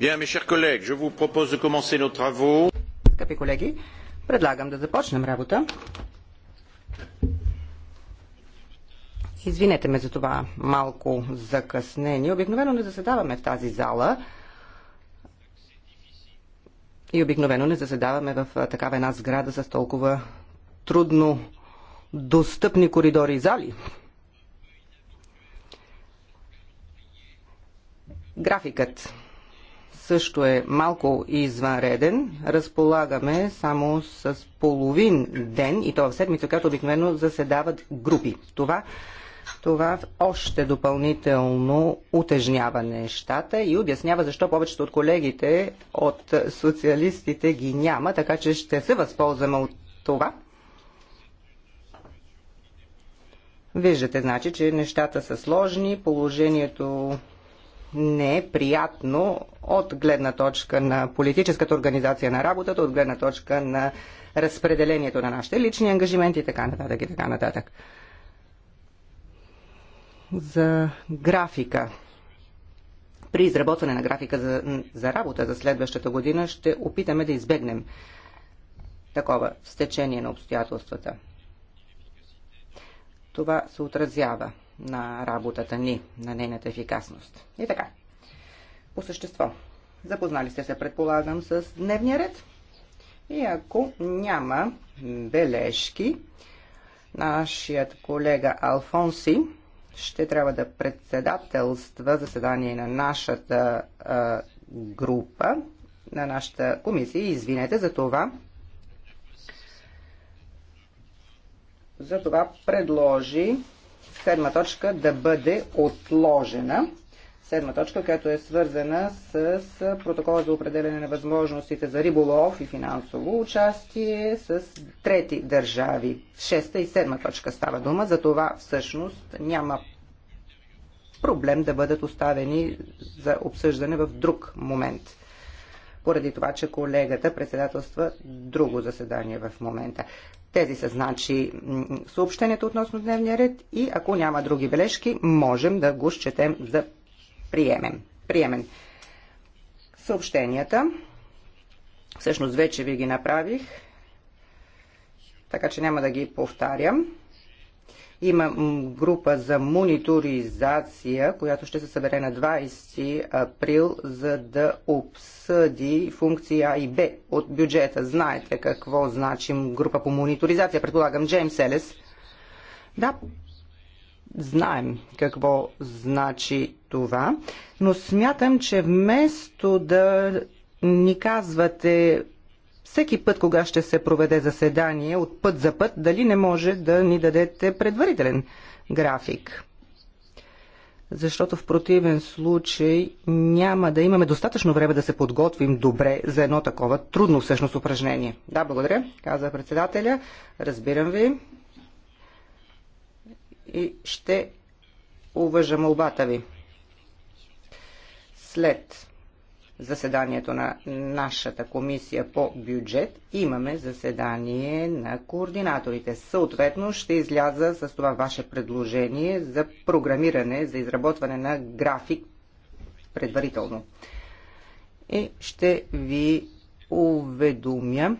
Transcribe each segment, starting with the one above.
mes chers collègues, je vous propose de commencer nos travaux. Скъпи колеги, предлагам да започнем работа. Извинете ме за това малко закъснение. Обикновено не заседаваме в тази зала и обикновено не заседаваме в такава една сграда с толкова трудно достъпни коридори и зали. Графикът също е малко извънреден. Разполагаме само с половин ден и то в седмица, която обикновено заседават групи. Това, това още допълнително утежнява нещата и обяснява защо повечето от колегите от социалистите ги няма, така че ще се възползваме от това. Виждате, значи, че нещата са сложни, положението не е приятно от гледна точка на политическата организация на работата, от гледна точка на разпределението на нашите лични ангажименти и така нататък и така нататък. За графика. При изработване на графика за, за работа за следващата година ще опитаме да избегнем такова стечение на обстоятелствата. Това се отразява на работата ни, на нейната ефикасност. И така, по същество. Запознали сте се, предполагам, с дневния ред. И ако няма бележки, нашият колега Алфонси ще трябва да председателства заседание на нашата а, група, на нашата комисия. Извинете за това. За това предложи седма точка да бъде отложена. Седма точка, която е свързана с протокола за определене на възможностите за риболов и финансово участие с трети държави. Шеста и седма точка става дума. За това всъщност няма проблем да бъдат оставени за обсъждане в друг момент. Поради това, че колегата председателства друго заседание в момента. Тези са значи съобщението относно дневния ред и ако няма други бележки, можем да го счетем за приемем. приемен. Съобщенията, всъщност вече ви ги направих, така че няма да ги повтарям. Има група за мониторизация, която ще се събере на 20 април, за да обсъди функция А и Б от бюджета. Знаете какво значи група по мониторизация. Предполагам, Джеймс Елес. Да, знаем какво значи това, но смятам, че вместо да ни казвате всеки път, кога ще се проведе заседание от път за път, дали не може да ни дадете предварителен график. Защото в противен случай няма да имаме достатъчно време да се подготвим добре за едно такова трудно всъщност упражнение. Да, благодаря, каза председателя. Разбирам ви. И ще уважа молбата ви. След заседанието на нашата комисия по бюджет имаме заседание на координаторите. Съответно ще изляза с това ваше предложение за програмиране, за изработване на график предварително. И ще ви уведомя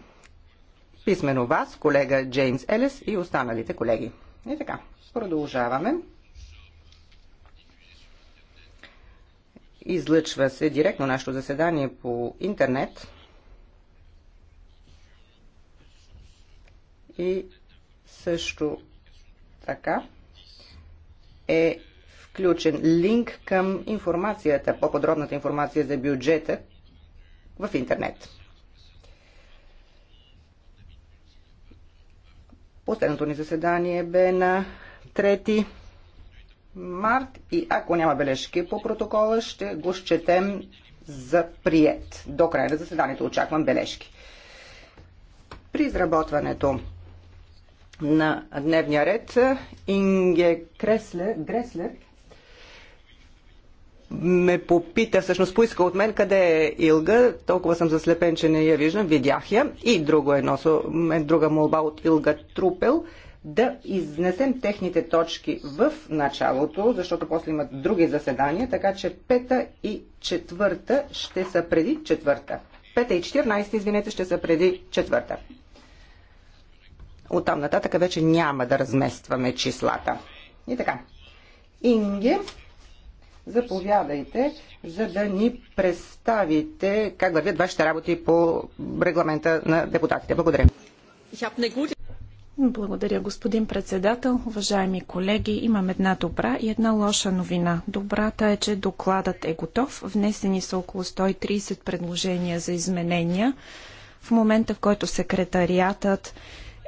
писмено вас, колега Джеймс Елес и останалите колеги. И така, продължаваме. Излъчва се директно нашето заседание по интернет. И също така е включен линк към информацията, по-подробната информация за бюджета в интернет. Последното ни заседание бе на 3 март и ако няма бележки по протокола, ще го счетем за прият. До края на заседанието очаквам бележки. При изработването на дневния ред Инге Креслер, Греслер ме попита, всъщност поиска от мен къде е Илга. Толкова съм заслепен, че не я виждам. Видях я. И друго едно, е друга молба от Илга Трупел – да изнесем техните точки в началото, защото после имат други заседания, така че пета и четвърта ще са преди четвърта. Пета и 14, извинете, ще са преди четвърта. Оттам нататък вече няма да разместваме числата. И така. Инге, заповядайте, за да ни представите как вървят вашите работи по регламента на депутатите. Благодаря. Благодаря, господин председател. Уважаеми колеги, имам една добра и една лоша новина. Добрата е, че докладът е готов. Внесени са около 130 предложения за изменения. В момента, в който секретариатът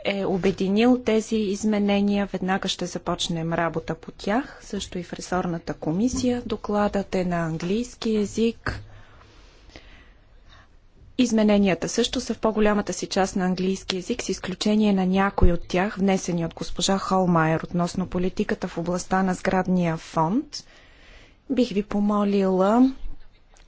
е обединил тези изменения, веднага ще започнем работа по тях, също и в ресорната комисия. Докладът е на английски язик Измененията също са в по-голямата си част на английски язик, с изключение на някои от тях, внесени от госпожа Холмайер относно политиката в областта на сградния фонд. Бих ви помолила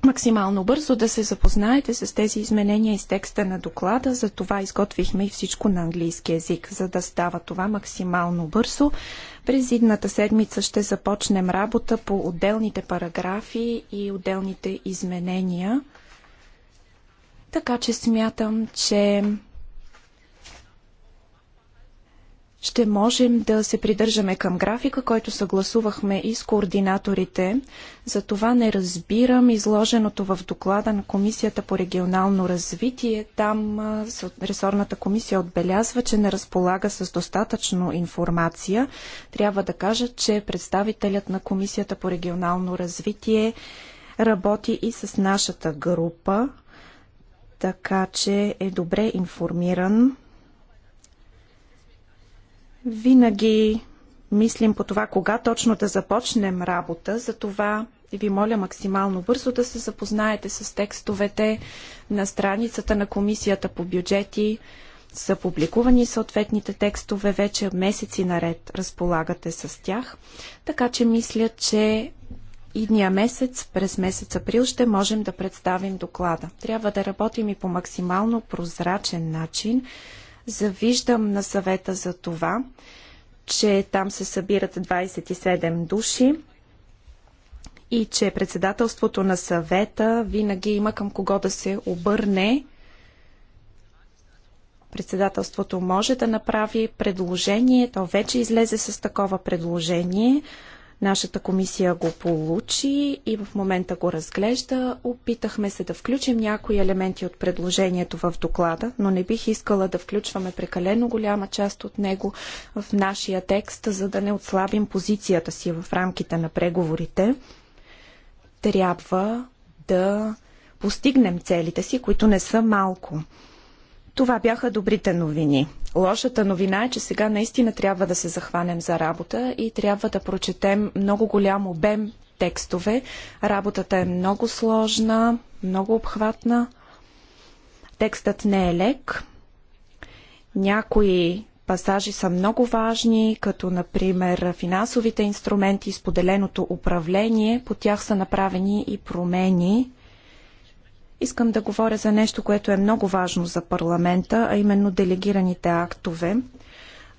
максимално бързо да се запознаете с тези изменения из текста на доклада. За това изготвихме и всичко на английски язик, за да става това максимално бързо. През идната седмица ще започнем работа по отделните параграфи и отделните изменения. Така че смятам, че ще можем да се придържаме към графика, който съгласувахме и с координаторите. За това не разбирам изложеното в доклада на Комисията по регионално развитие. Там ресорната комисия отбелязва, че не разполага с достатъчно информация. Трябва да кажа, че представителят на Комисията по регионално развитие работи и с нашата група така че е добре информиран. Винаги мислим по това кога точно да започнем работа, затова ви моля максимално бързо да се запознаете с текстовете на страницата на Комисията по бюджети. Са публикувани съответните текстове вече месеци наред, разполагате с тях, така че мисля, че идния месец, през месец април, ще можем да представим доклада. Трябва да работим и по максимално прозрачен начин. Завиждам на съвета за това, че там се събират 27 души и че председателството на съвета винаги има към кого да се обърне. Председателството може да направи предложение, то вече излезе с такова предложение – Нашата комисия го получи и в момента го разглежда. Опитахме се да включим някои елементи от предложението в доклада, но не бих искала да включваме прекалено голяма част от него в нашия текст, за да не отслабим позицията си в рамките на преговорите. Трябва да постигнем целите си, които не са малко. Това бяха добрите новини. Лошата новина е, че сега наистина трябва да се захванем за работа и трябва да прочетем много голям обем текстове. Работата е много сложна, много обхватна. Текстът не е лек. Някои пасажи са много важни, като например финансовите инструменти, споделеното управление. По тях са направени и промени – Искам да говоря за нещо, което е много важно за парламента, а именно делегираните актове.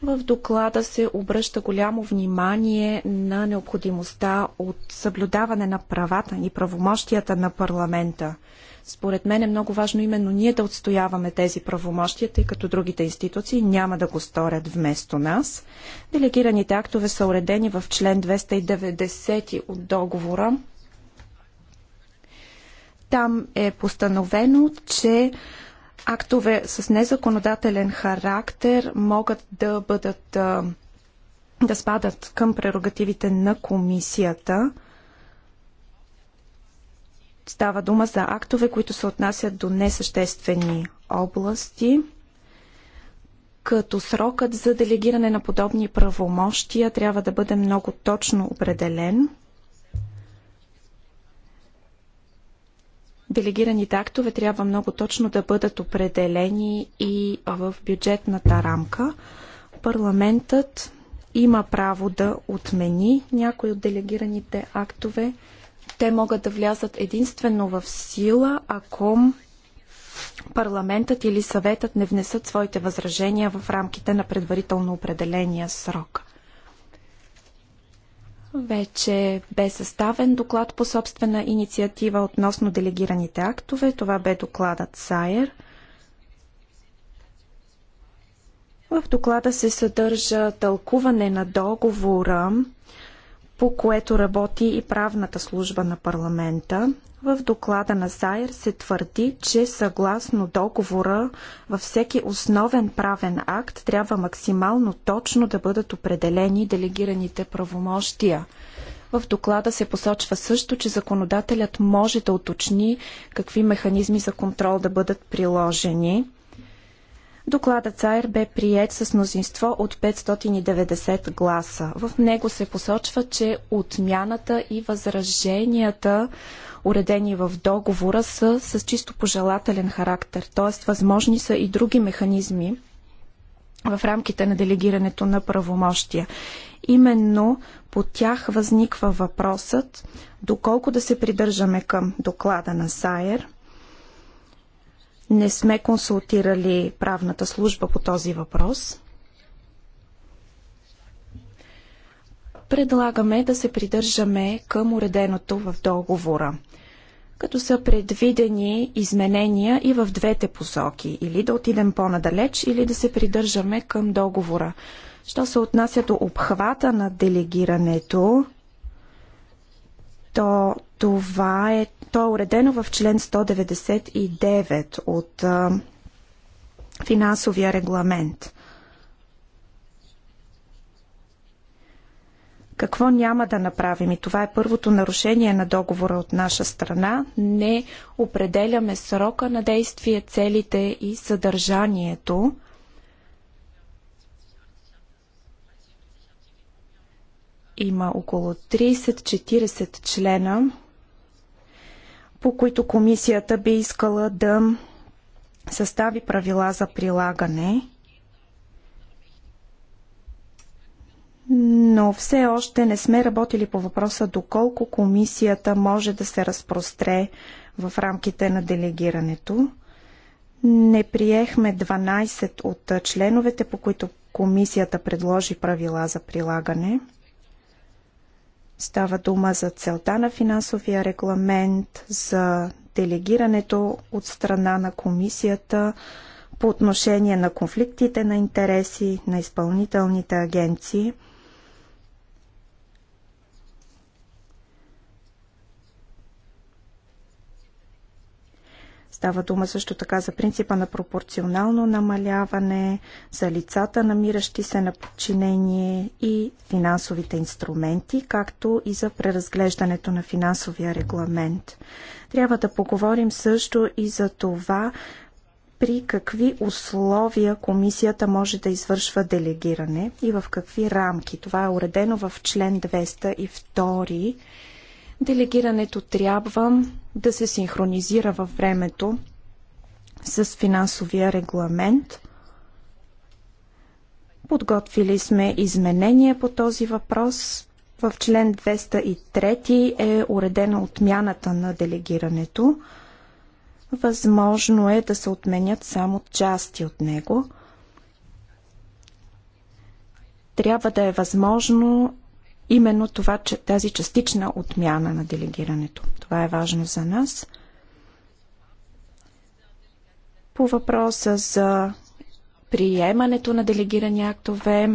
В доклада се обръща голямо внимание на необходимостта от съблюдаване на правата и правомощията на парламента. Според мен е много важно именно ние да отстояваме тези правомощия, тъй като другите институции няма да го сторят вместо нас. Делегираните актове са уредени в член 290 от договора там е постановено, че актове с незаконодателен характер могат да бъдат да спадат към прерогативите на комисията. Става дума за актове, които се отнасят до несъществени области, като срокът за делегиране на подобни правомощия трябва да бъде много точно определен – Делегираните актове трябва много точно да бъдат определени и в бюджетната рамка. Парламентът има право да отмени някои от делегираните актове. Те могат да влязат единствено в сила, ако парламентът или съветът не внесат своите възражения в рамките на предварително определения срок. Вече бе съставен доклад по собствена инициатива относно делегираните актове. Това бе докладът САЕР. В доклада се съдържа тълкуване на договора по което работи и правната служба на парламента. В доклада на Заер се твърди, че съгласно договора във всеки основен правен акт трябва максимално точно да бъдат определени делегираните правомощия. В доклада се посочва също, че законодателят може да уточни какви механизми за контрол да бъдат приложени. Докладът ЦАЕР бе прият с мнозинство от 590 гласа. В него се посочва, че отмяната и възраженията, уредени в договора, са с чисто пожелателен характер, т.е. възможни са и други механизми в рамките на делегирането на правомощия. Именно по тях възниква въпросът доколко да се придържаме към доклада на САЕР, не сме консултирали правната служба по този въпрос. Предлагаме да се придържаме към уреденото в договора като са предвидени изменения и в двете посоки. Или да отидем по-надалеч, или да се придържаме към договора. Що се отнася до обхвата на делегирането, то това е то е уредено в член 199 от а, финансовия регламент. Какво няма да направим? И това е първото нарушение на договора от наша страна. Не определяме срока на действие, целите и съдържанието. Има около 30-40 члена по които комисията би искала да състави правила за прилагане, но все още не сме работили по въпроса доколко комисията може да се разпростре в рамките на делегирането. Не приехме 12 от членовете, по които комисията предложи правила за прилагане – Става дума за целта на финансовия регламент, за делегирането от страна на комисията по отношение на конфликтите на интереси на изпълнителните агенции – Става дума също така за принципа на пропорционално намаляване, за лицата, намиращи се на подчинение и финансовите инструменти, както и за преразглеждането на финансовия регламент. Трябва да поговорим също и за това, при какви условия комисията може да извършва делегиране и в какви рамки. Това е уредено в член 202 Делегирането трябва да се синхронизира във времето с финансовия регламент. Подготвили сме изменения по този въпрос. В член 203 е уредена отмяната на делегирането. Възможно е да се отменят само части от него. Трябва да е възможно именно това, че тази частична отмяна на делегирането. Това е важно за нас. По въпроса за приемането на делегирани актове,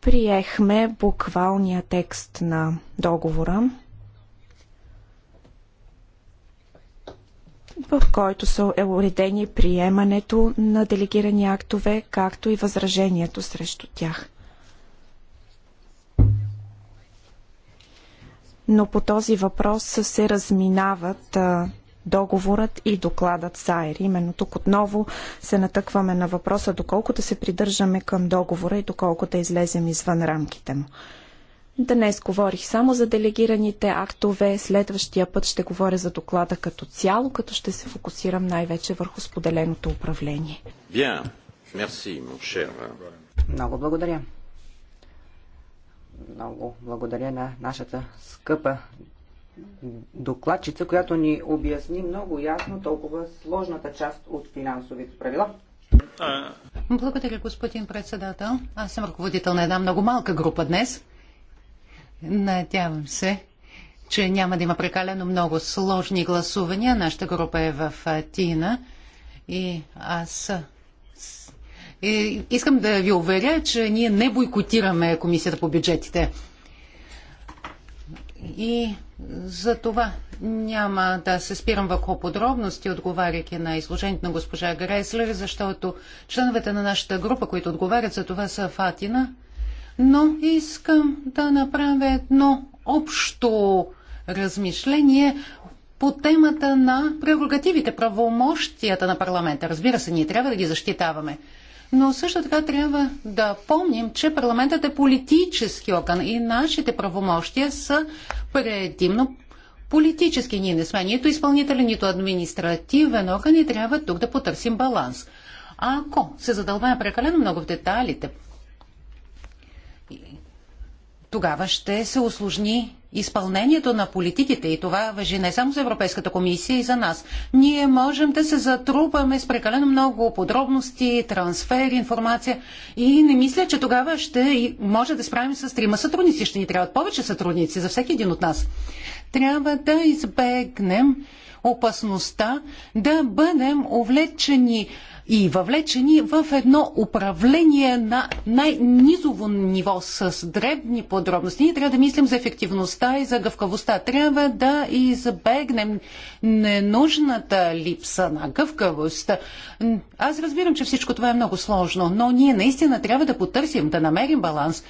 приехме буквалния текст на договора, в който са е уредени приемането на делегирани актове, както и възражението срещу тях. но по този въпрос се разминават договорът и докладът САЕР. Именно тук отново се натъкваме на въпроса доколко да се придържаме към договора и доколко да излезем извън рамките му. Днес говорих само за делегираните актове, следващия път ще говоря за доклада като цяло, като ще се фокусирам най-вече върху споделеното управление. Bien. Merci, mon cher. Много благодаря. Много благодаря на нашата скъпа докладчица, която ни обясни много ясно толкова сложната част от финансовите правила. Благодаря, господин председател. Аз съм ръководител на една много малка група днес. Надявам се, че няма да има прекалено много сложни гласувания. Нашата група е в Атина и аз и е, искам да ви уверя, че ние не бойкотираме комисията по бюджетите. И за това няма да се спирам върху подробности, отговаряйки на изложението на госпожа Греслер, защото членовете на нашата група, които отговарят за това са Фатина, но искам да направя едно общо размишление по темата на прерогативите, правомощията на парламента. Разбира се, ние трябва да ги защитаваме. Но също така трябва да помним, че парламентът е политически орган и нашите правомощия са предимно политически. Ние не сме нито изпълнителен, нито административен орган и трябва тук да потърсим баланс. А ако се задълбаем прекалено много в деталите, тогава ще се осложни изпълнението на политиките и това въжи не само за Европейската комисия и за нас. Ние можем да се затрупаме с прекалено много подробности, трансфер, информация и не мисля, че тогава ще може да справим с трима сътрудници. Ще ни трябват повече сътрудници за всеки един от нас. Трябва да избегнем опасността да бъдем увлечени и въвлечени в едно управление на най-низово ниво с дребни подробности. Ние трябва да мислим за ефективността и за гъвкавостта. Трябва да избегнем ненужната липса на гъвкавост. Аз разбирам, че всичко това е много сложно, но ние наистина трябва да потърсим, да намерим баланс.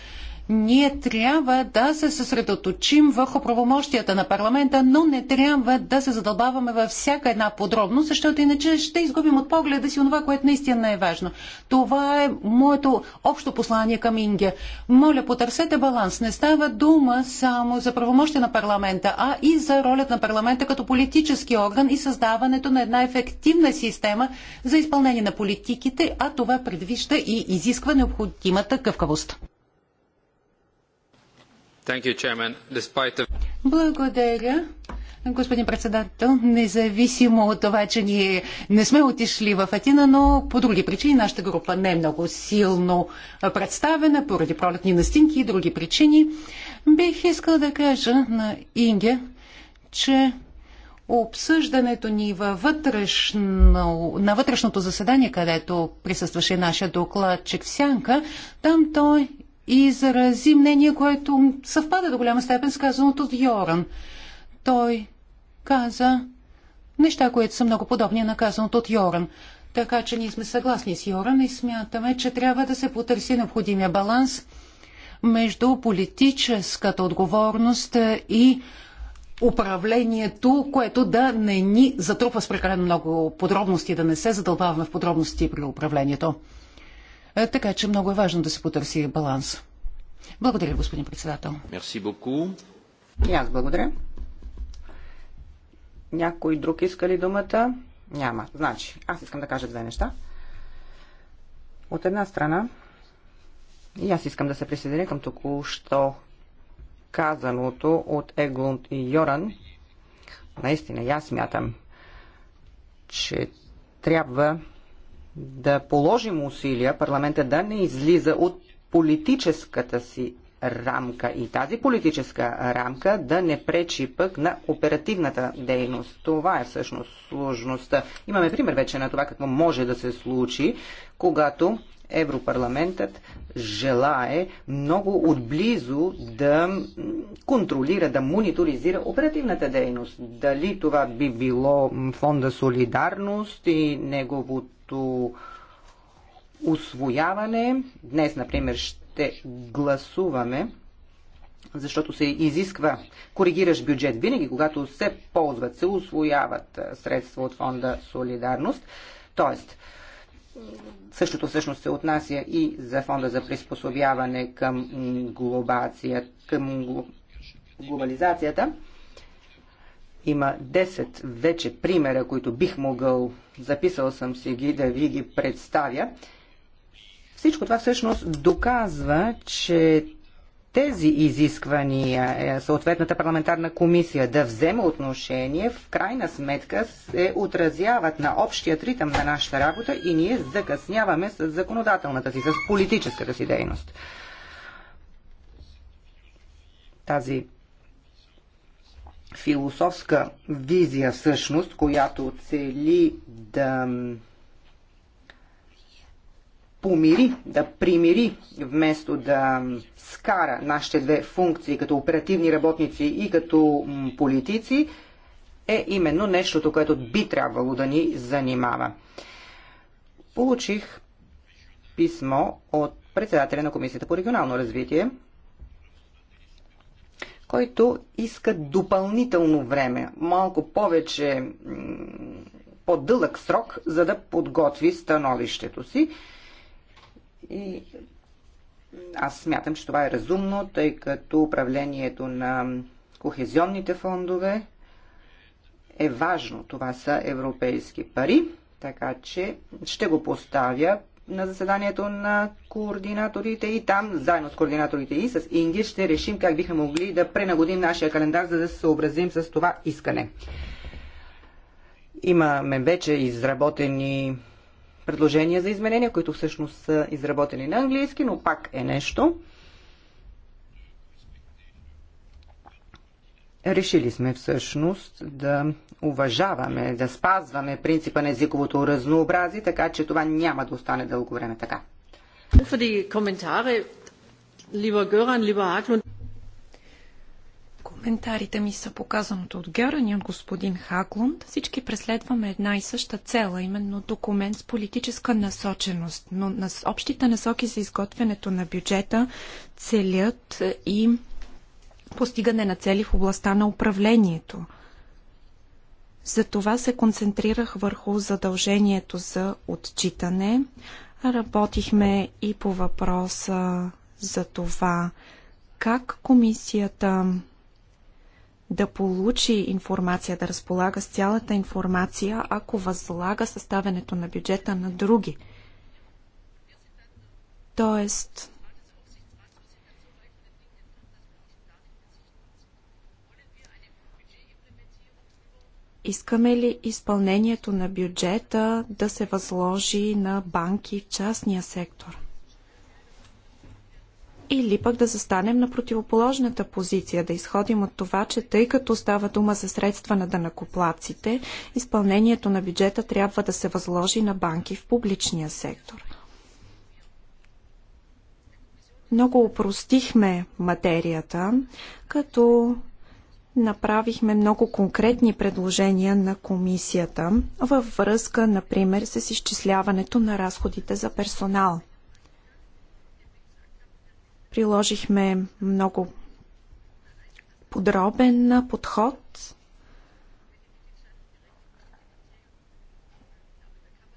Ние трябва да се съсредоточим върху правомощията на парламента, но не трябва да се задълбаваме във всяка една подробност, защото иначе ще изгубим от погледа си това, което наистина е важно. Това е моето общо послание към Индия. Моля, потърсете баланс. Не става дума само за правомощия на парламента, а и за ролята на парламента като политически орган и създаването на една ефективна система за изпълнение на политиките, а това предвижда и изисква необходимата гъвкавост. Благодаря. Господин председател, независимо от това, че ние не сме отишли в Атина, но по други причини нашата група не е много силно представена, поради пролетни настинки и други причини, бих искал да кажа на Инге, че обсъждането ни във вътрешно, на вътрешното заседание, където присъстваше нашия докладчик в Сянка, там той и изрази мнение, което съвпада до голяма степен с казаното от Йоран. Той каза неща, които са много подобни на казаното от Йоран. Така че ние сме съгласни с Йоран и смятаме, че трябва да се потърси необходимия баланс между политическата отговорност и управлението, което да не ни затрупва с прекалено много подробности, да не се задълбаваме в подробности при управлението. Е, така че много е важно да се потърси баланс. Благодаря, господин председател. Мерси боку. И аз благодаря. Някой друг иска ли думата? Няма. Значи, аз искам да кажа две неща. От една страна, и аз искам да се присъединя към току-що казаното от Еглунд и Йоран. Наистина, и аз смятам, че трябва да положим усилия парламента да не излиза от политическата си рамка и тази политическа рамка да не пречи пък на оперативната дейност. Това е всъщност сложността. Имаме пример вече на това какво може да се случи, когато Европарламентът желае много отблизо да контролира, да мониторизира оперативната дейност. Дали това би било фонда Солидарност и неговото като освояване. Днес, например, ще гласуваме защото се изисква коригираш бюджет винаги, когато се ползват, се освояват средства от фонда Солидарност. Тоест, същото всъщност се отнася и за фонда за приспособяване към, глобация, към глобализацията. Има 10 вече примера, които бих могъл записал съм си ги да ви ги представя. Всичко това всъщност доказва, че тези изисквания е, съответната парламентарна комисия да взема отношение, в крайна сметка се отразяват на общият ритъм на нашата работа и ние закъсняваме с законодателната си, с политическата си дейност. Тази философска визия всъщност, която цели да помири, да примири, вместо да скара нашите две функции като оперативни работници и като политици, е именно нещото, което би трябвало да ни занимава. Получих писмо от председателя на Комисията по регионално развитие, който иска допълнително време, малко повече по-дълъг срок, за да подготви становището си. И аз смятам, че това е разумно, тъй като управлението на кохезионните фондове е важно. Това са европейски пари, така че ще го поставя на заседанието на координаторите и там, заедно с координаторите и с Инги, ще решим как бихме могли да пренагодим нашия календар, за да се съобразим с това искане. Имаме вече изработени предложения за изменения, които всъщност са изработени на английски, но пак е нещо. Решили сме всъщност да уважаваме, да спазваме принципа на езиковото разнообразие, така че това няма да остане дълго време така. Коментарите ми са показаното от Геран и от господин Хаклунд. Всички преследваме една и съща цела, именно документ с политическа насоченост. Но на общите насоки за изготвянето на бюджета целят и постигане на цели в областта на управлението. За това се концентрирах върху задължението за отчитане. Работихме и по въпроса за това как комисията да получи информация, да разполага с цялата информация, ако възлага съставянето на бюджета на други. Тоест, Искаме ли изпълнението на бюджета да се възложи на банки в частния сектор? или пък да застанем на противоположната позиция, да изходим от това, че тъй като става дума за средства на дънакоплаците, изпълнението на бюджета трябва да се възложи на банки в публичния сектор. Много упростихме материята, като направихме много конкретни предложения на комисията във връзка, например, с изчисляването на разходите за персонал – Приложихме много подробен подход,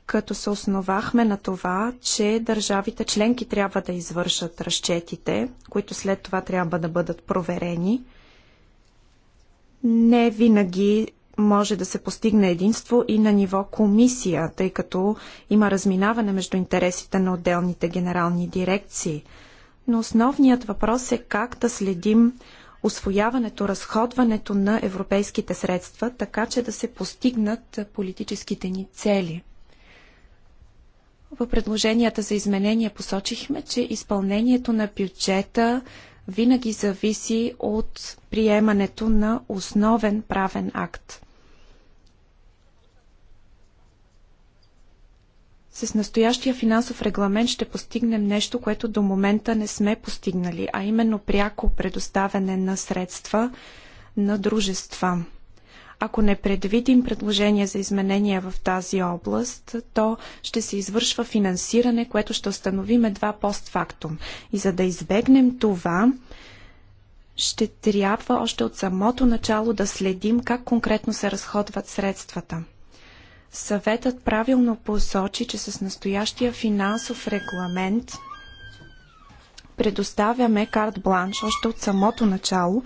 като се основахме на това, че държавите членки трябва да извършат разчетите, които след това трябва да бъдат проверени. Не винаги може да се постигне единство и на ниво комисия, тъй като има разминаване между интересите на отделните генерални дирекции – но основният въпрос е как да следим освояването, разходването на европейските средства, така че да се постигнат политическите ни цели. В предложенията за изменения посочихме, че изпълнението на бюджета винаги зависи от приемането на основен правен акт. С настоящия финансов регламент ще постигнем нещо, което до момента не сме постигнали, а именно пряко предоставяне на средства на дружества. Ако не предвидим предложения за изменения в тази област, то ще се извършва финансиране, което ще установим едва постфактум. И за да избегнем това, ще трябва още от самото начало да следим как конкретно се разходват средствата – Съветът правилно посочи, че с настоящия финансов регламент предоставяме карт бланш още от самото начало.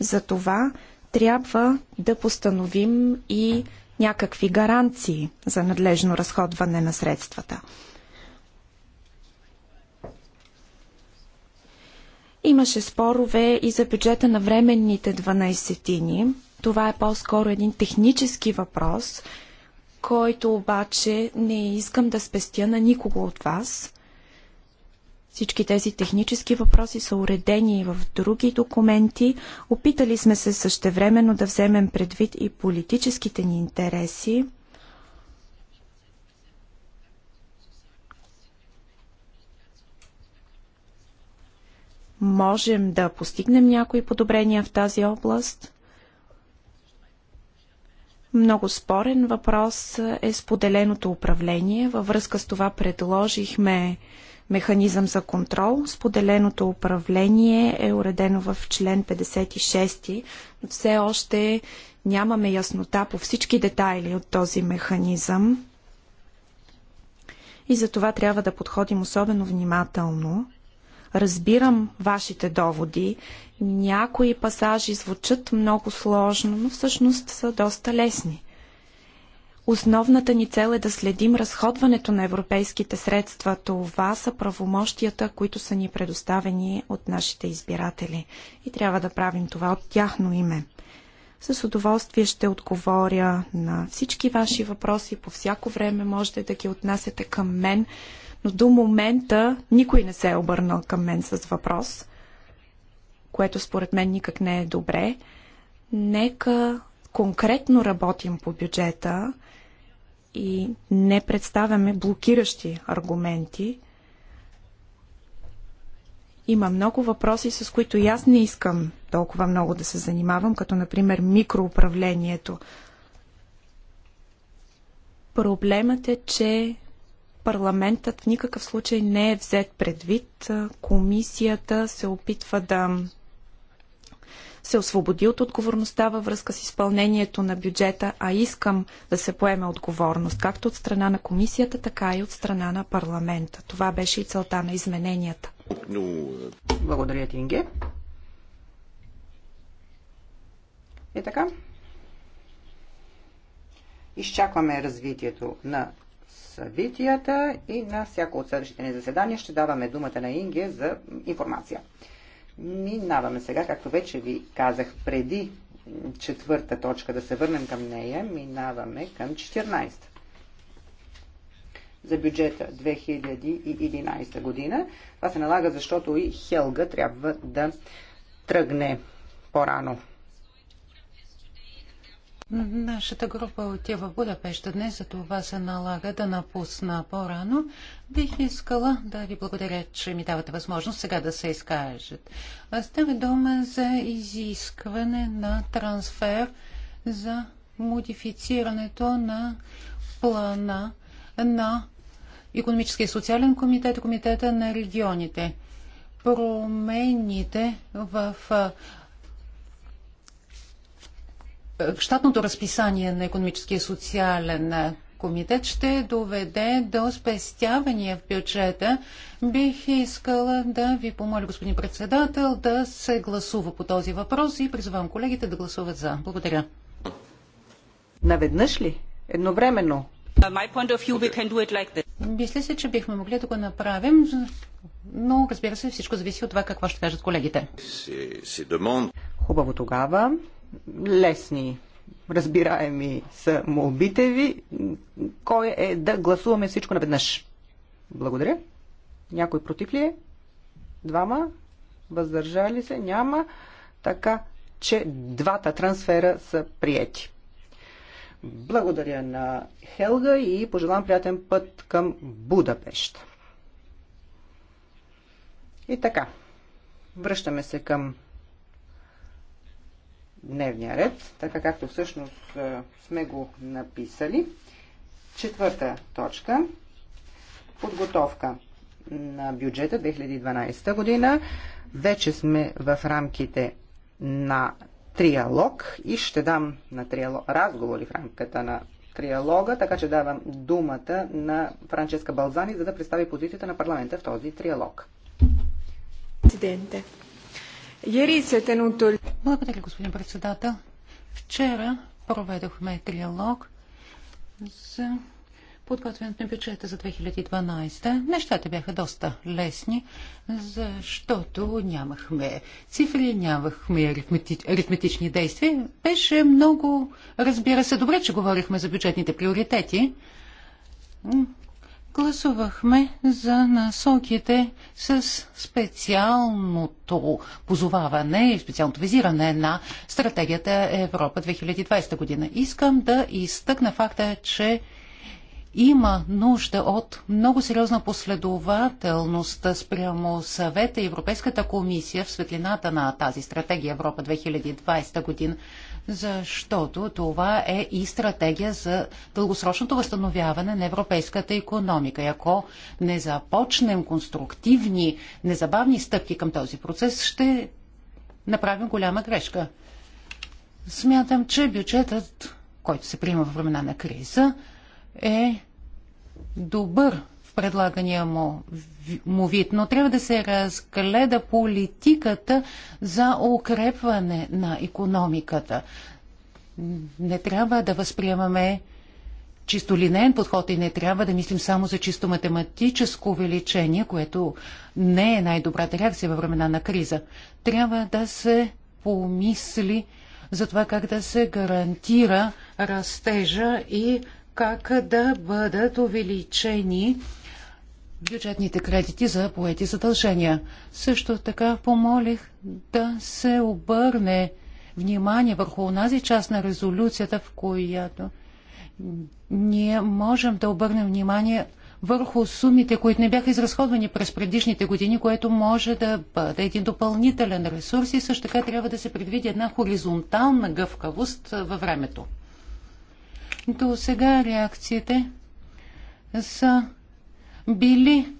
За това трябва да постановим и някакви гаранции за надлежно разходване на средствата. Имаше спорове и за бюджета на временните 12-тини. Това е по-скоро един технически въпрос – който обаче не искам да спестя на никого от вас. Всички тези технически въпроси са уредени в други документи. Опитали сме се същевременно да вземем предвид и политическите ни интереси. Можем да постигнем някои подобрения в тази област – много спорен въпрос е споделеното управление. Във връзка с това предложихме механизъм за контрол. Споделеното управление е уредено в член 56, но все още нямаме яснота по всички детайли от този механизъм. И за това трябва да подходим особено внимателно. Разбирам вашите доводи. Някои пасажи звучат много сложно, но всъщност са доста лесни. Основната ни цел е да следим разходването на европейските средства. Това са правомощията, които са ни предоставени от нашите избиратели. И трябва да правим това от тяхно име. С удоволствие ще отговоря на всички ваши въпроси. По всяко време можете да ги отнасяте към мен но до момента никой не се е обърнал към мен с въпрос, което според мен никак не е добре. Нека конкретно работим по бюджета и не представяме блокиращи аргументи. Има много въпроси, с които и аз не искам толкова много да се занимавам, като например микроуправлението. Проблемът е, че парламентът в никакъв случай не е взет предвид. Комисията се опитва да се освободи от отговорността във връзка с изпълнението на бюджета, а искам да се поеме отговорност, както от страна на комисията, така и от страна на парламента. Това беше и целта на измененията. Е, Благодаря, Тинге. Е така. Изчакваме развитието на събитията и на всяко от следващите ни заседания ще даваме думата на Инге за информация. Минаваме сега, както вече ви казах преди четвърта точка, да се върнем към нея, минаваме към 14 за бюджета 2011 година. Това се налага, защото и Хелга трябва да тръгне по-рано. Нашата група отива в Будапешта днес, за това се налага да напусна по-рано. Бих искала да ви благодаря, че ми давате възможност сега да се изкажат. Става дума за изискване на трансфер за модифицирането на плана на Економическия и социален комитет и комитета на регионите. Промените в щатното разписание на економическия и социален комитет ще доведе до спестявания в бюджета. Бих искала да ви помоля, господин председател, да се гласува по този въпрос и призвам колегите да гласуват за. Благодаря. Наведнъж ли? Едновременно? Мисля се, че бихме могли да го направим, но разбира се, всичко зависи от това какво ще кажат колегите. Хубаво тогава лесни, разбираеми са молбите ви. Кой е да гласуваме всичко наведнъж? Благодаря. Някой против ли е? Двама? Въздържали се? Няма. Така, че двата трансфера са приети. Благодаря на Хелга и пожелавам приятен път към Будапешт. И така, връщаме се към дневния ред, така както всъщност е, сме го написали. Четвърта точка – подготовка на бюджета 2012 година. Вече сме в рамките на триалог и ще дам на триалог, разговори в рамката на триалога, така че давам думата на Франческа Балзани, за да представи позицията на парламента в този триалог. Президенте. Благодаря, господин председател. Вчера проведохме триалог за подготвянето на бюджета за 2012. Нещата бяха доста лесни, защото нямахме цифри, нямахме аритметични действия. Беше много, разбира се, добре, че говорихме за бюджетните приоритети гласувахме за насоките с специалното позоваване и специалното визиране на стратегията Европа 2020 година. Искам да изтъкна факта, че има нужда от много сериозна последователност спрямо съвета и Европейската комисия в светлината на тази стратегия Европа 2020 година защото това е и стратегия за дългосрочното възстановяване на европейската економика. И ако не започнем конструктивни, незабавни стъпки към този процес, ще направим голяма грешка. Смятам, че бюджетът, който се приема в времена на криза, е добър в предлагания му, му вид, но трябва да се разгледа политиката за укрепване на економиката. Не трябва да възприемаме чисто линейен подход и не трябва да мислим само за чисто математическо увеличение, което не е най-добрата реакция във времена на криза. Трябва да се помисли за това как да се гарантира растежа и как да бъдат увеличени бюджетните кредити за поети задължения. Също така помолих да се обърне внимание върху онази част на резолюцията, в която ние можем да обърнем внимание върху сумите, които не бяха изразходвани през предишните години, което може да бъде един допълнителен ресурс и също така трябва да се предвиди една хоризонтална гъвкавост във времето. До сега реакциите са били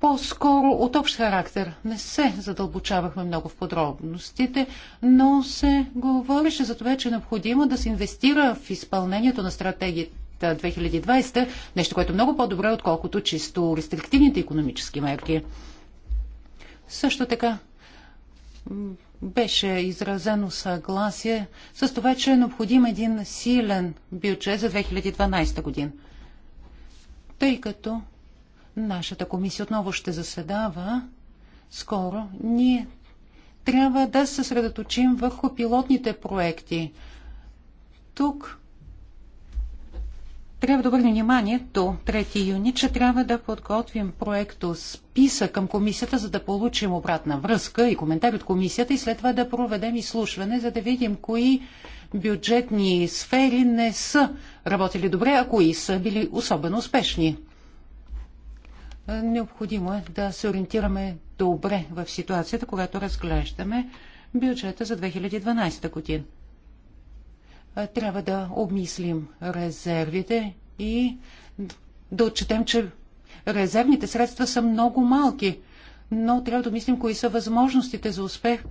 по-скоро от общ характер. Не се задълбочавахме много в подробностите, но се говореше за това, че е необходимо да се инвестира в изпълнението на стратегията 2020, нещо, което е много по-добре, отколкото чисто рестриктивните економически мерки. Също така беше изразено съгласие с това, че е необходим един силен бюджет за 2012 година, тъй като Нашата комисия отново ще заседава скоро. Ние трябва да се съсредоточим върху пилотните проекти. Тук трябва да обърнем внимание до 3 юни, че трябва да подготвим проекто списък към комисията, за да получим обратна връзка и коментар от комисията и след това да проведем изслушване, за да видим кои бюджетни сфери не са работили добре, а кои са били особено успешни. Необходимо е да се ориентираме добре в ситуацията, когато разглеждаме бюджета за 2012 година. Трябва да обмислим резервите и да отчетем, че резервните средства са много малки, но трябва да мислим кои са възможностите за успех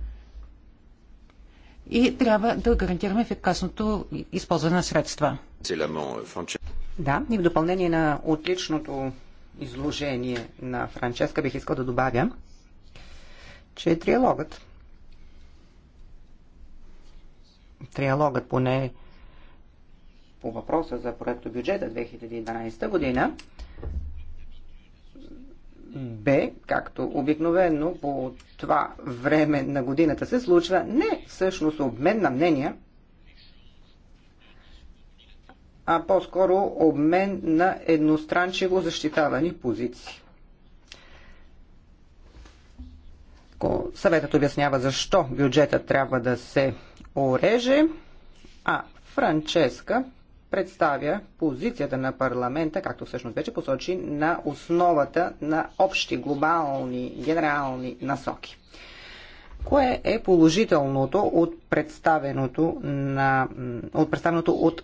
и трябва да гарантираме ефикасното използване на средства. Да, и в допълнение на отличното изложение на Франческа бих искал да добавя, че триалогът триалогът поне по въпроса за проекто бюджета 2011 година бе, както обикновено по това време на годината се случва, не всъщност обмен на мнения, а по-скоро обмен на едностранчиво защитавани позиции. Съветът обяснява защо бюджета трябва да се ореже, а Франческа представя позицията на парламента, както всъщност вече посочи, на основата на общи глобални генерални насоки. Кое е положителното от представеното, на, от, представеното от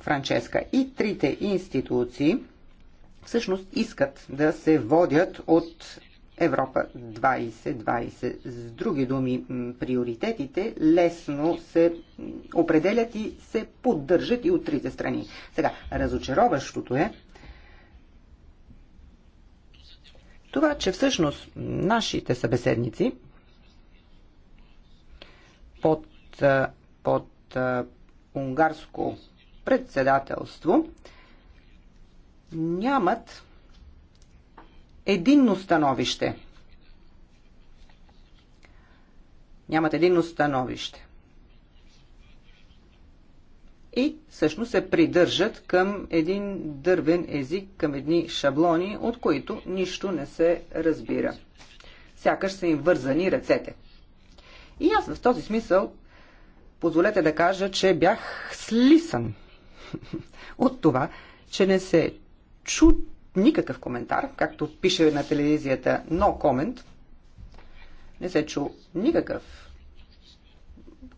Франческа? И трите институции всъщност искат да се водят от Европа 2020. С други думи, приоритетите лесно се определят и се поддържат и от трите страни. Сега, разочароващото е, това, че всъщност нашите събеседници под, под унгарско председателство нямат единно становище. Нямат единно становище. И всъщност се придържат към един дървен език, към едни шаблони, от които нищо не се разбира. Сякаш са им вързани ръцете. И аз в този смисъл, позволете да кажа, че бях слисан от това, че не се чу никакъв коментар, както пише на телевизията No Comment. Не се чу никакъв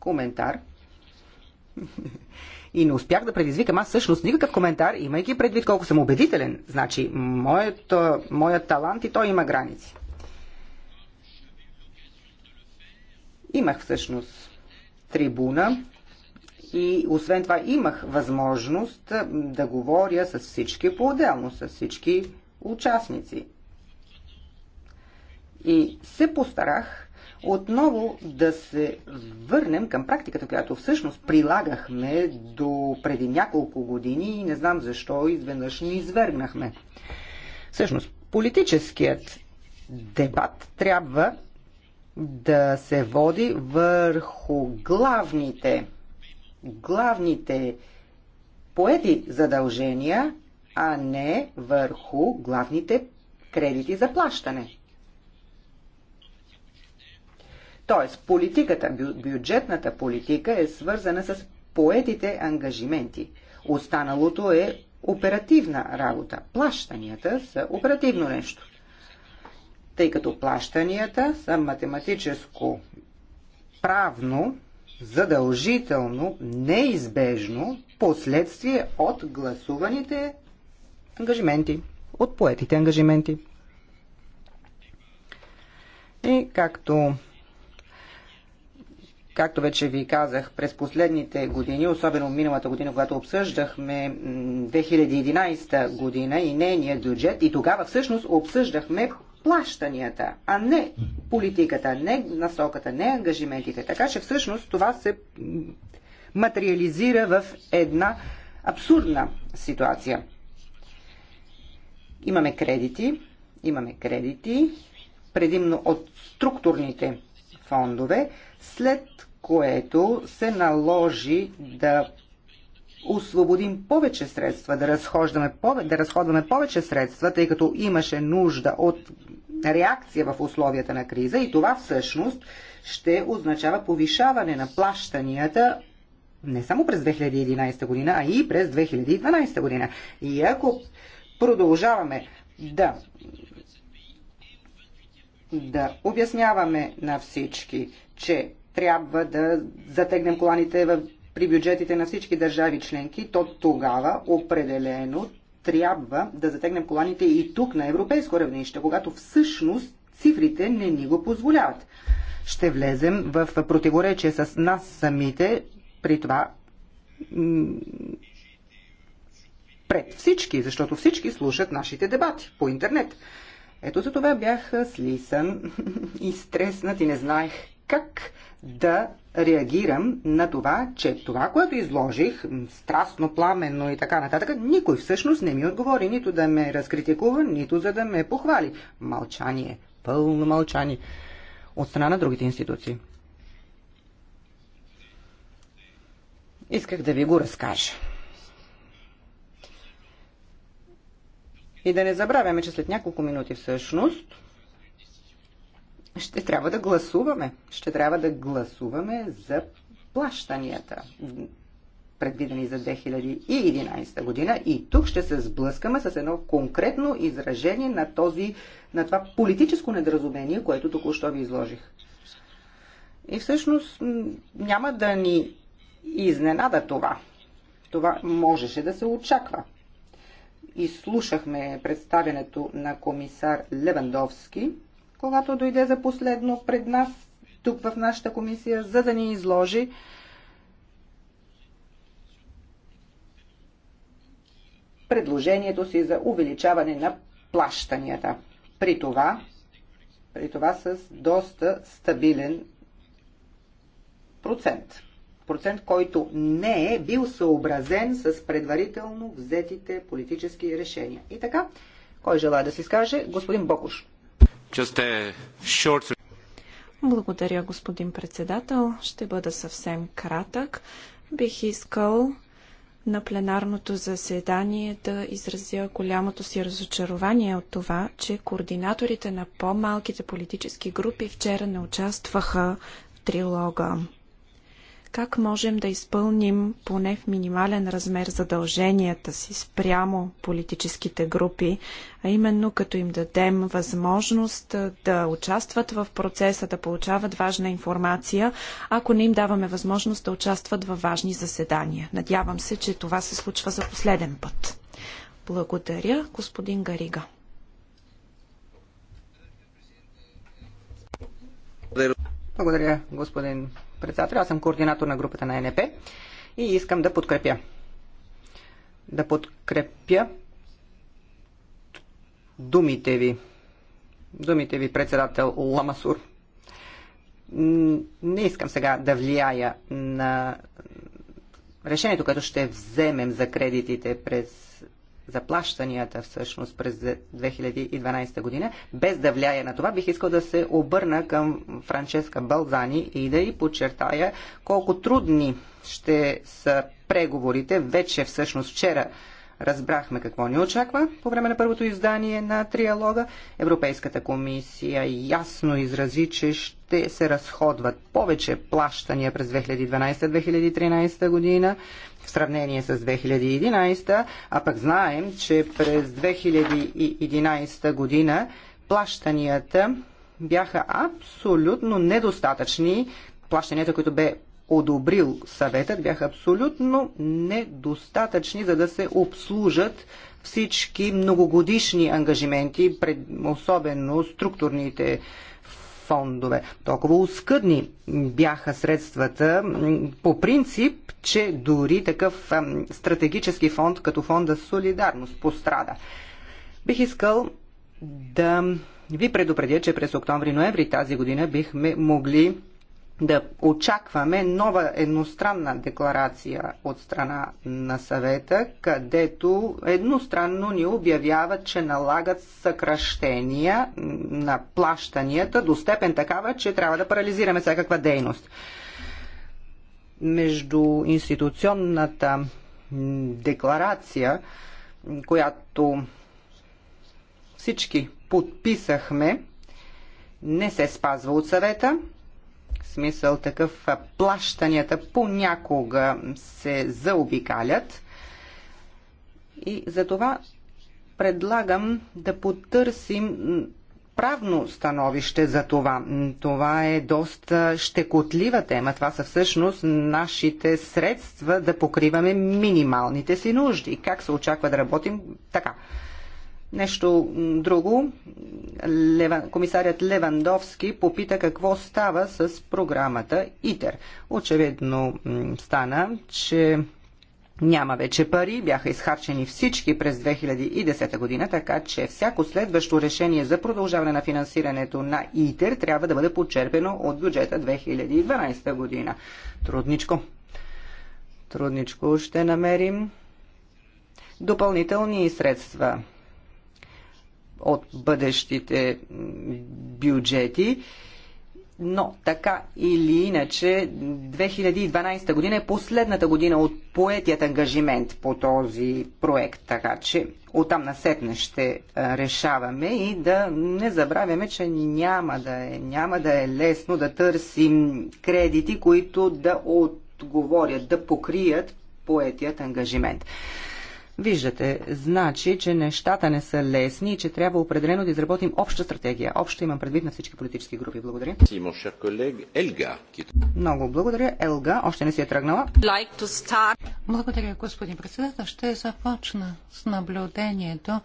коментар. И не успях да предизвикам аз всъщност никакъв коментар, имайки предвид колко съм убедителен. Значи, моят, моят талант и той има граници. Имах всъщност трибуна и освен това имах възможност да говоря с всички по-отделно, с всички участници. И се постарах отново да се върнем към практиката, която всъщност прилагахме до преди няколко години и не знам защо изведнъж ни извергнахме. Всъщност, политическият дебат трябва да се води върху главните, главните поети задължения, а не върху главните кредити за плащане. Тоест, политиката, бюджетната политика е свързана с поетите ангажименти. Останалото е оперативна работа. Плащанията са оперативно нещо тъй като плащанията са математическо правно задължително, неизбежно последствие от гласуваните ангажименти, от поетите ангажименти. И както Както вече ви казах, през последните години, особено миналата година, когато обсъждахме 2011 година и нейния бюджет, и тогава всъщност обсъждахме плащанията, а не политиката, не насоката, не ангажиментите. Така че всъщност това се материализира в една абсурдна ситуация. Имаме кредити, имаме кредити, предимно от структурните фондове, след което се наложи да освободим повече средства, да, пове, да разходваме повече средства, тъй като имаше нужда от реакция в условията на криза и това всъщност ще означава повишаване на плащанията не само през 2011 година, а и през 2012 година. И ако продължаваме да да обясняваме на всички, че трябва да затегнем коланите в при бюджетите на всички държави членки, то тогава определено трябва да затегнем коланите и тук на европейско равнище, когато всъщност цифрите не ни го позволяват. Ще влезем в противоречие с нас самите, при това пред всички, защото всички слушат нашите дебати по интернет. Ето за това бях слисан и стреснат и не знаех как да реагирам на това, че това, което изложих, страстно, пламенно и така нататък, никой всъщност не ми отговори, нито да ме разкритикува, нито за да ме похвали. Мълчание, пълно мълчание от страна на другите институции. Исках да ви го разкажа. И да не забравяме, че след няколко минути всъщност ще трябва да гласуваме. Ще трябва да гласуваме за плащанията, предвидени за 2011 година. И тук ще се сблъскаме с едно конкретно изражение на, този, на това политическо недоразумение, което току-що ви изложих. И всъщност няма да ни изненада това. Това можеше да се очаква. И слушахме представянето на комисар Левандовски когато дойде за последно пред нас, тук в нашата комисия, за да ни изложи предложението си за увеличаване на плащанията. При това, при това с доста стабилен процент. Процент, който не е бил съобразен с предварително взетите политически решения. И така, кой желая да си скаже? Господин Бокуш. Благодаря, господин председател. Ще бъда съвсем кратък. Бих искал на пленарното заседание да изразя голямото си разочарование от това, че координаторите на по-малките политически групи вчера не участваха в трилога. Как можем да изпълним поне в минимален размер задълженията си спрямо политическите групи, а именно като им дадем възможност да участват в процеса, да получават важна информация, ако не им даваме възможност да участват във важни заседания. Надявам се, че това се случва за последен път. Благодаря, господин Гарига. Благодаря, господин председател, аз съм координатор на групата на НП и искам да подкрепя. Да подкрепя думите ви. Думите ви, председател Ламасур. Не искам сега да влияя на решението, което ще вземем за кредитите през заплащанията всъщност през 2012 година. Без да влияе на това, бих искал да се обърна към Франческа Балзани и да й подчертая колко трудни ще са преговорите. Вече всъщност вчера разбрахме какво ни очаква по време на първото издание на триалога. Европейската комисия ясно изрази, че ще ще се разходват повече плащания през 2012-2013 година в сравнение с 2011, а пък знаем, че през 2011 година плащанията бяха абсолютно недостатъчни. Плащанията, които бе одобрил съветът, бяха абсолютно недостатъчни, за да се обслужат всички многогодишни ангажименти, особено структурните фондове. Толкова оскъдни бяха средствата по принцип, че дори такъв стратегически фонд като фонда Солидарност пострада. Бих искал да ви предупредя, че през октомври-ноември тази година бихме могли да очакваме нова едностранна декларация от страна на съвета, където едностранно ни обявяват, че налагат съкръщения на плащанията до степен такава, че трябва да парализираме всякаква дейност. Между институционната декларация, която всички подписахме, не се спазва от съвета – смисъл такъв плащанията понякога се заобикалят. И за това предлагам да потърсим правно становище за това. Това е доста щекотлива тема. Това са всъщност нашите средства да покриваме минималните си нужди. Как се очаква да работим така? Нещо друго, комисарят Левандовски попита какво става с програмата ИТЕР. Очевидно стана, че няма вече пари, бяха изхарчени всички през 2010 година, така че всяко следващо решение за продължаване на финансирането на ИТЕР трябва да бъде подчерпено от бюджета 2012 година. Трудничко. Трудничко ще намерим допълнителни средства от бъдещите бюджети. Но така или иначе, 2012 година е последната година от поетият ангажимент по този проект, така че оттам насетне ще решаваме и да не забравяме, че няма да е, няма да е лесно да търсим кредити, които да отговорят, да покрият поетият ангажимент. Виждате, значи, че нещата не са лесни и че трябва определено да изработим обща стратегия. Общо имам предвид на всички политически групи. Благодаря. Много благодаря. Елга, още не си е тръгнала. Like Благодаря, господин председател. Ще започна с наблюдението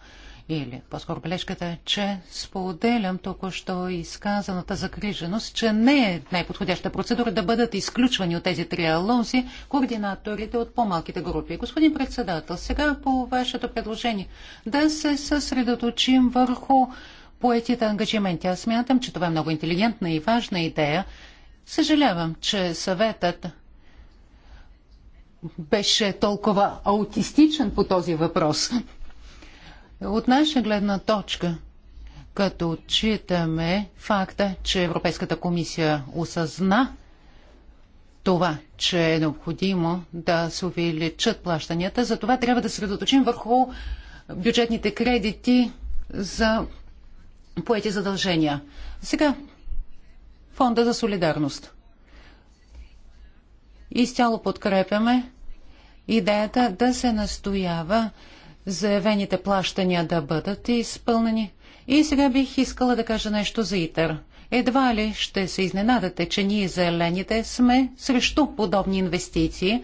или по-скоро бележката, че споделям току-що изказаната загриженост, че не е най-подходяща процедура да бъдат изключвани от тези триалози координаторите от по-малките групи. Господин председател, сега по вашето предложение да се съсредоточим върху поетите ангажименти. Аз смятам, че това е много интелигентна и важна идея. Съжалявам, че съветът беше толкова аутистичен по този въпрос. От наша гледна точка, като отчитаме факта, че Европейската комисия осъзна това, че е необходимо да се увеличат плащанията, за това трябва да средоточим върху бюджетните кредити за поети задължения. Сега Фонда за солидарност. Изцяло подкрепяме идеята да се настоява заявените плащания да бъдат изпълнени. И сега бих искала да кажа нещо за ИТЕР. Едва ли ще се изненадате, че ние зелените сме срещу подобни инвестиции.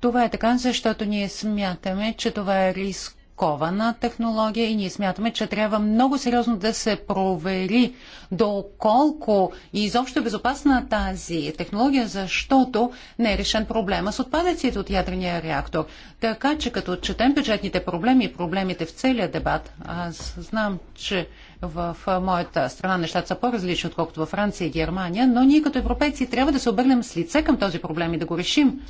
Това е така, защото ние смятаме, че това е риск рискована технология и ние смятаме, че трябва много сериозно да се провери доколко и изобщо е безопасна тази технология, защото не е решен проблема с отпадъците от ядрения реактор. Така че като четем бюджетните проблеми и проблемите в целия дебат, аз знам, че в моята страна нещата са по-различни, отколкото във Франция и Германия, но ние като европейци трябва да се обърнем с лице към този проблем и да го решим.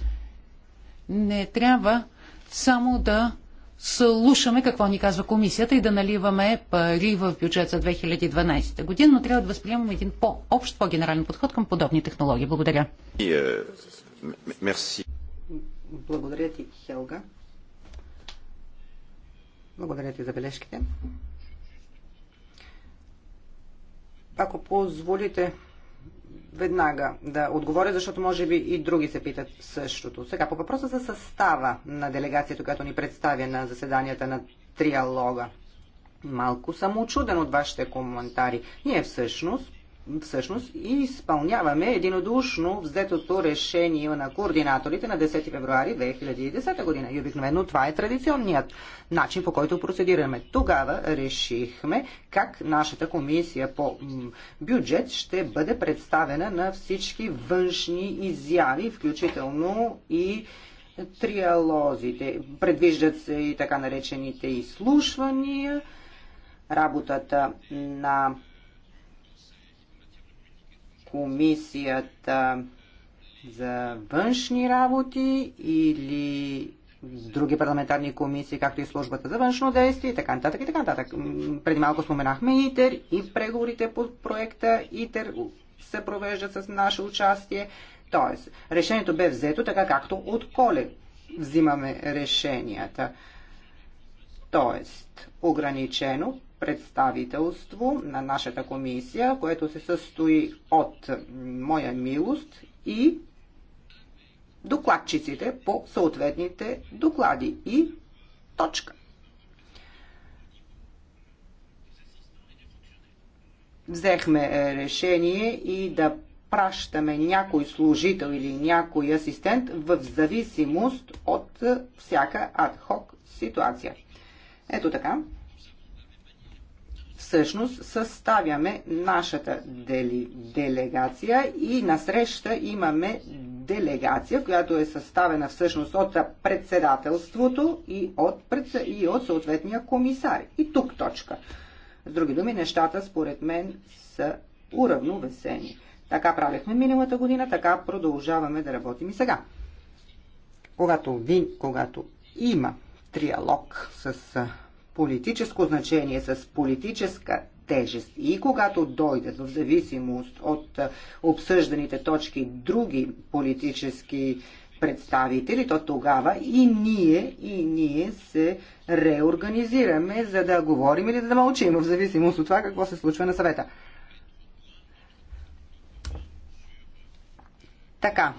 Не трябва само да слушаме какво ни казва комисията и да наливаме пари в бюджет за 2012 година, но трябва да възприемаме един по-общ, по-генерален подход към подобни технологии. Благодаря. Е, Благодаря ти, Хелга. Благодаря ти за бележките. Ако позволите, веднага да отговоря, защото може би и други се питат същото. Сега, по въпроса за състава на делегацията, която ни представя на заседанията на триалога. Малко съм очуден от вашите коментари. Ние всъщност всъщност изпълняваме единодушно взетото решение на координаторите на 10 февруари 2010 година. И обикновено това е традиционният начин, по който процедираме. Тогава решихме как нашата комисия по бюджет ще бъде представена на всички външни изяви, включително и триалозите. Предвиждат се и така наречените изслушвания, работата на комисията за външни работи или други парламентарни комисии, както и службата за външно действие и така нататък и така нататък. Преди малко споменахме ИТЕР и преговорите по проекта ИТЕР се провеждат с наше участие. Тоест, решението бе взето така както от коле взимаме решенията. Тоест, ограничено представителство на нашата комисия, което се състои от моя милост и докладчиците по съответните доклади и точка. Взехме е, решение и да пращаме някой служител или някой асистент в зависимост от е, всяка адхок ситуация. Ето така всъщност съставяме нашата дели, делегация и насреща имаме делегация, която е съставена всъщност от председателството и от, и от съответния комисар. И тук точка. С други думи, нещата според мен са уравновесени. Така правихме миналата година, така продължаваме да работим и сега. Когато, ви, когато има триалог с политическо значение, с политическа тежест. И когато дойдат в зависимост от обсъжданите точки други политически представители, то тогава и ние, и ние се реорганизираме, за да говорим или да мълчим, в зависимост от това какво се случва на съвета. Така,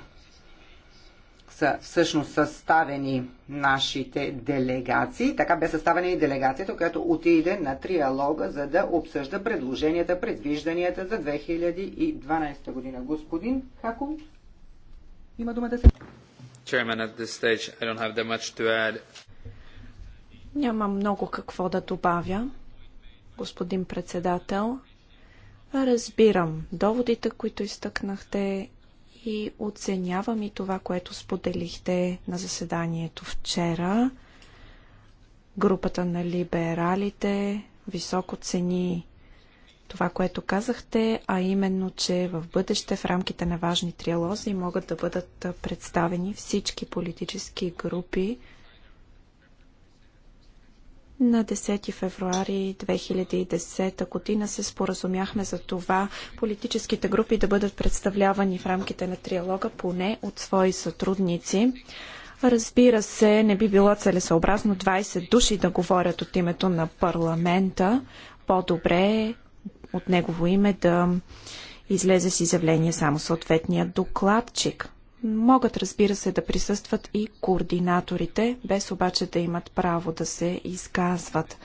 са всъщност съставени нашите делегации. Така бе съставена и делегацията, която отиде на триалога, за да обсъжда предложенията, предвижданията за 2012 година. Господин Хаком, има думата се. Chairman, at this stage I don't have that much to add. Няма много какво да добавя, господин председател. Разбирам доводите, които изтъкнахте и оценявам и това, което споделихте на заседанието вчера. Групата на либералите високо цени това, което казахте, а именно, че в бъдеще в рамките на важни триалози могат да бъдат представени всички политически групи, на 10 февруари 2010 година се споразумяхме за това политическите групи да бъдат представлявани в рамките на триалога поне от свои сътрудници. Разбира се, не би било целесообразно 20 души да говорят от името на парламента. По-добре от негово име да излезе с изявление само съответния докладчик. Могат, разбира се, да присъстват и координаторите, без обаче да имат право да се изказват.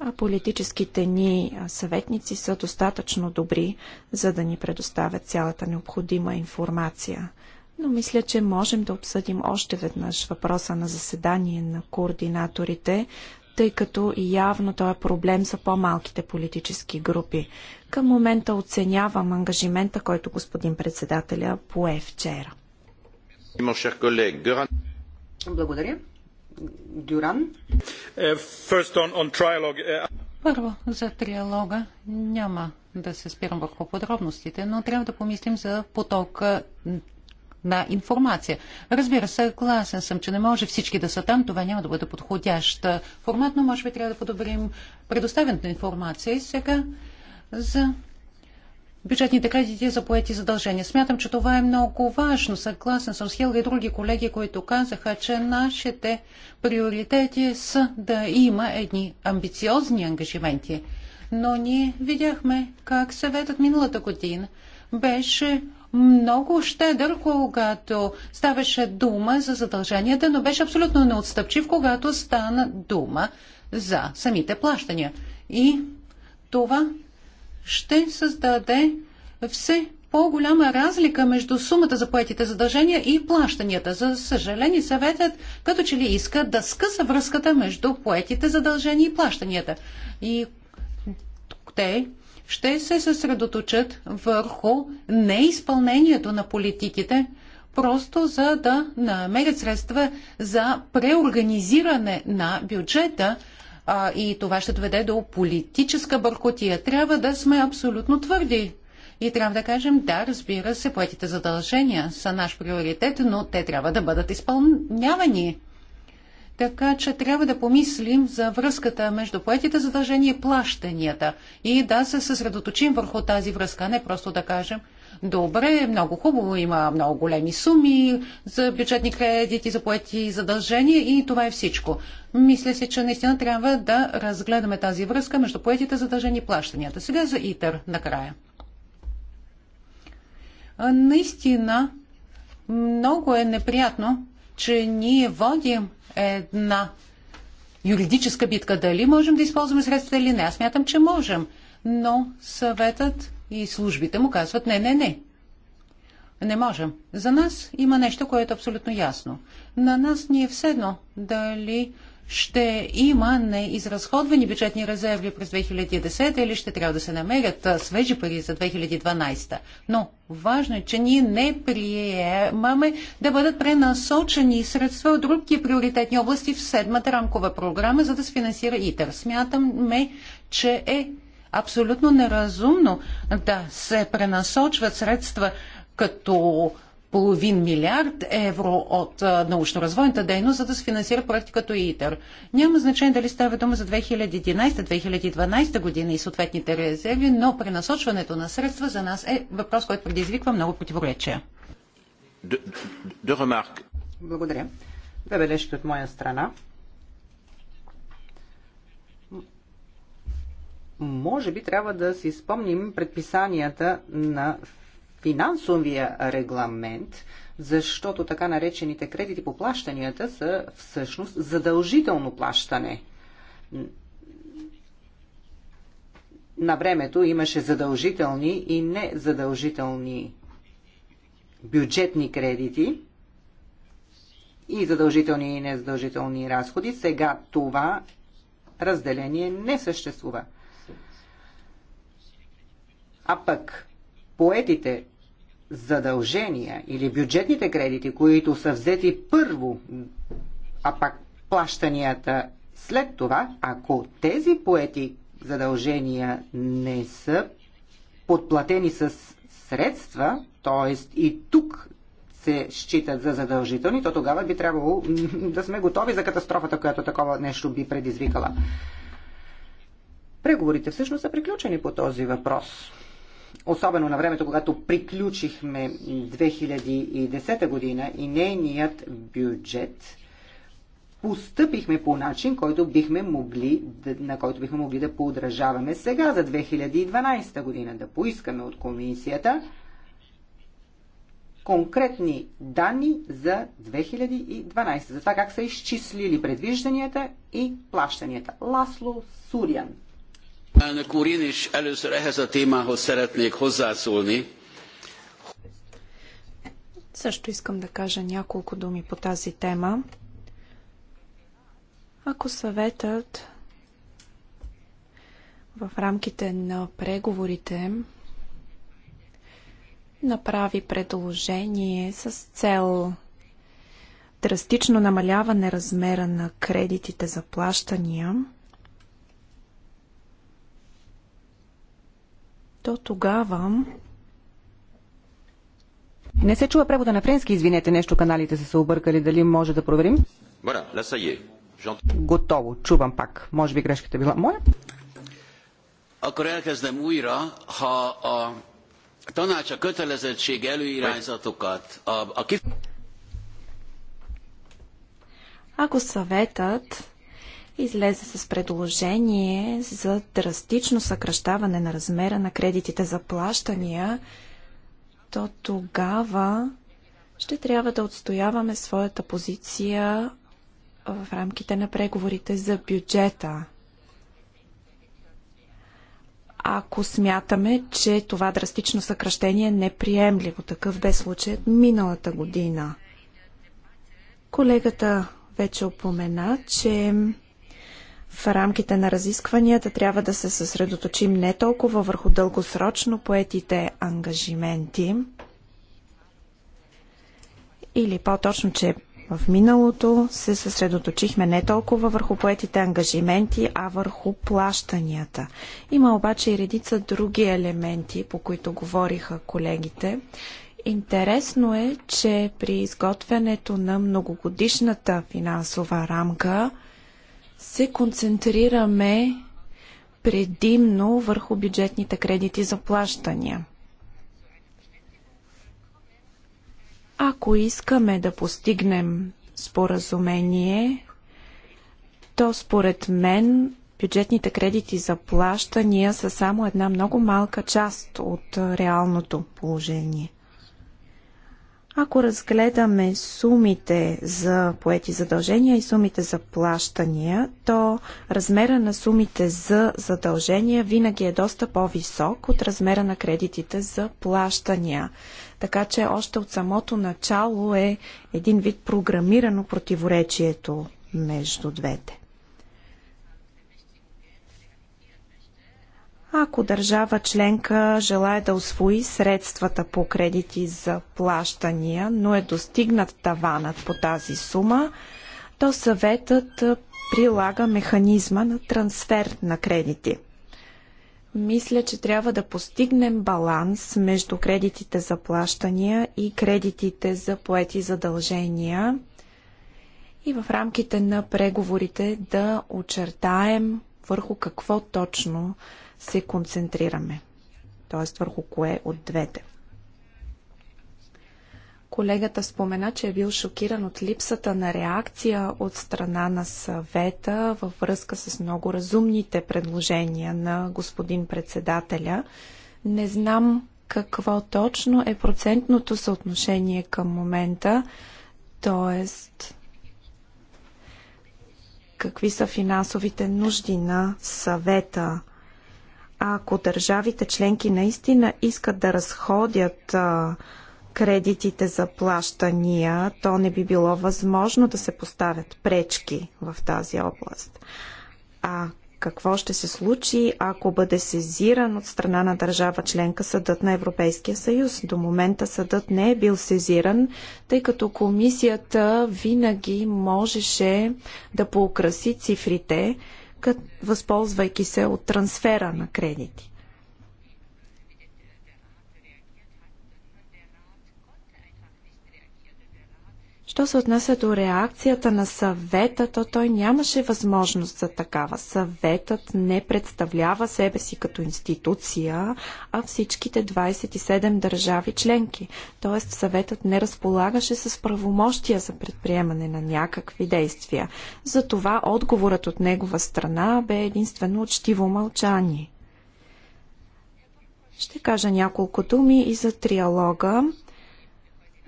А политическите ни съветници са достатъчно добри, за да ни предоставят цялата необходима информация. Но мисля, че можем да обсъдим още веднъж въпроса на заседание на координаторите тъй като явно този е проблем са по-малките политически групи. Към момента оценявам ангажимента, който господин председателя пое вчера. Благодаря. Дюран. Uh, uh, Първо, за триалога няма да се спирам върху подробностите, но трябва да помислим за потока на информация. Разбира се, гласен съм, че не може всички да са там, това няма да бъде подходящ формат, но може би трябва да подобрим предоставената информация. И сега за бюджетните кредити за поети задължения. Смятам, че това е много важно. Съгласен съм с Хилга и други колеги, които казаха, че нашите приоритети са да има едни амбициозни ангажименти. Но ние видяхме как съветът миналата година беше много щедър, когато ставаше дума за задълженията, но беше абсолютно неотстъпчив, когато стана дума за самите плащания. И това ще създаде все по-голяма разлика между сумата за поетите задължения и плащанията. За съжаление, съветът като че ли иска да скъса връзката между поетите задължения и плащанията. И те ще се съсредоточат върху неизпълнението на политиките, просто за да намерят средства за преорганизиране на бюджета а, и това ще доведе до политическа бъркотия. Трябва да сме абсолютно твърди. И трябва да кажем, да, разбира се, поетите задължения са наш приоритет, но те трябва да бъдат изпълнявани. Така че трябва да помислим за връзката между поетите задължения и плащанията и да се съсредоточим върху тази връзка, не просто да кажем добре, много хубаво, има много големи суми за бюджетни кредити, за поети задължения и това е всичко. Мисля си, че наистина трябва да разгледаме тази връзка между поетите задължения и плащанията. Сега за ИТър накрая. Наистина много е неприятно, че ние водим една юридическа битка. Дали можем да използваме средства или не? Аз мятам, че можем. Но съветът и службите му казват не, не, не. Не можем. За нас има нещо, което е абсолютно ясно. На нас ни е все едно дали ще има неизразходвани бюджетни резерви през 2010 или ще трябва да се намерят свежи пари за 2012. Но важно е, че ние не приемаме да бъдат пренасочени средства от други приоритетни области в седмата рамкова програма, за да се финансира ИТЕР. Смятаме, че е абсолютно неразумно да се пренасочват средства като половин милиард евро от научно-развойната дейност, за да се финансира проекти като ИТЕР. Няма значение дали става дума за 2011-2012 година и съответните резерви, но пренасочването на средства за нас е въпрос, който предизвиква много противоречия. Благодаря. Две бележки от моя страна. Може би трябва да си спомним предписанията на финансовия регламент, защото така наречените кредити по плащанията са всъщност задължително плащане. На времето имаше задължителни и незадължителни бюджетни кредити и задължителни и незадължителни разходи. Сега това разделение не съществува. А пък поетите задължения или бюджетните кредити, които са взети първо, а пак плащанията след това, ако тези поети задължения не са подплатени с средства, т.е. и тук се считат за задължителни, то тогава би трябвало да сме готови за катастрофата, която такова нещо би предизвикала. Преговорите всъщност са приключени по този въпрос особено на времето, когато приключихме 2010 година и нейният бюджет, постъпихме по начин, който бихме могли, на който бихме могли да подражаваме сега за 2012 година, да поискаме от комисията конкретни данни за 2012, за това как са изчислили предвижданията и плащанията. Ласло Сурян. Elnök úr, én is először ehhez a témához szeretnék hozzászólni. Също искам да кажа няколко думи по тази тема. Ако съветът в рамките на преговорите направи предложение с цел драстично намаляване размера на кредитите за плащания – то тогава не се чува превода на френски, извинете, нещо каналите са се объркали, дали може да проверим? Voilà, là ça y est. Готово, чувам пак. Може би грешката била. моя. Ако elkezdem újra, ha a tanács a kötelezettség előirányzatokat, a, Ако съветът излезе с предложение за драстично съкръщаване на размера на кредитите за плащания, то тогава ще трябва да отстояваме своята позиция в рамките на преговорите за бюджета. Ако смятаме, че това драстично съкръщение е неприемливо, такъв бе случаят миналата година. Колегата вече опомена, че в рамките на разискванията трябва да се съсредоточим не толкова върху дългосрочно поетите ангажименти, или по-точно, че в миналото се съсредоточихме не толкова върху поетите ангажименти, а върху плащанията. Има обаче и редица други елементи, по които говориха колегите. Интересно е, че при изготвянето на многогодишната финансова рамка – се концентрираме предимно върху бюджетните кредити за плащания. Ако искаме да постигнем споразумение, то според мен бюджетните кредити за плащания са само една много малка част от реалното положение. Ако разгледаме сумите за поети задължения и сумите за плащания, то размера на сумите за задължения винаги е доста по-висок от размера на кредитите за плащания. Така че още от самото начало е един вид програмирано противоречието между двете. Ако държава членка желая да освои средствата по кредити за плащания, но е достигнат таванът по тази сума, то съветът прилага механизма на трансфер на кредити. Мисля, че трябва да постигнем баланс между кредитите за плащания и кредитите за поети задължения и в рамките на преговорите да очертаем върху какво точно се концентрираме? Тоест върху кое от двете? Колегата спомена, че е бил шокиран от липсата на реакция от страна на съвета във връзка с много разумните предложения на господин председателя. Не знам какво точно е процентното съотношение към момента, т.е. какви са финансовите нужди на съвета ако държавите членки наистина искат да разходят кредитите за плащания, то не би било възможно да се поставят пречки в тази област. А какво ще се случи, ако бъде сезиран от страна на държава членка съдът на Европейския съюз. До момента съдът не е бил сезиран, тъй като комисията винаги можеше да поукраси цифрите, възползвайки се от трансфера на кредити. Що се отнася до реакцията на съвета, то той нямаше възможност за такава. Съветът не представлява себе си като институция, а всичките 27 държави членки. Тоест съветът не разполагаше с правомощия за предприемане на някакви действия. Затова отговорът от негова страна бе единствено учтиво мълчание. Ще кажа няколко думи и за триалога.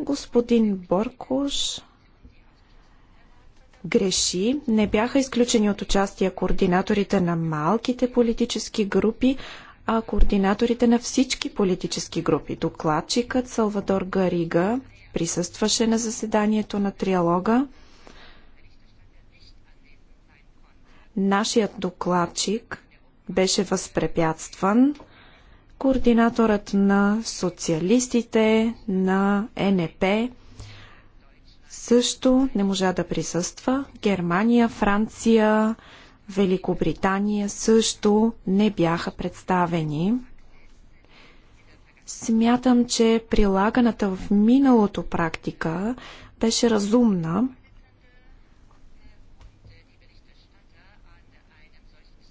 Господин Боркуш греши. Не бяха изключени от участие координаторите на малките политически групи, а координаторите на всички политически групи. Докладчикът Салвадор Гарига присъстваше на заседанието на триалога. Нашият докладчик беше възпрепятстван. Координаторът на социалистите на НП също не можа да присъства. Германия, Франция, Великобритания също не бяха представени. Смятам, че прилаганата в миналото практика беше разумна.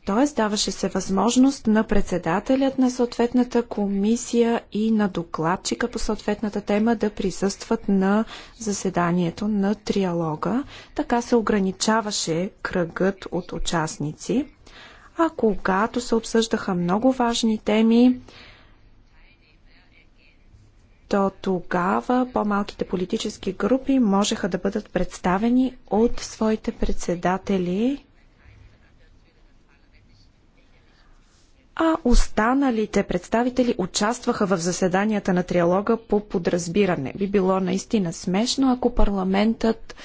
Тоест даваше се възможност на председателят на съответната комисия и на докладчика по съответната тема да присъстват на заседанието на триалога. Така се ограничаваше кръгът от участници. А когато се обсъждаха много важни теми, то тогава по-малките политически групи можеха да бъдат представени от своите председатели а останалите представители участваха в заседанията на триалога по подразбиране. Би било наистина смешно, ако парламентът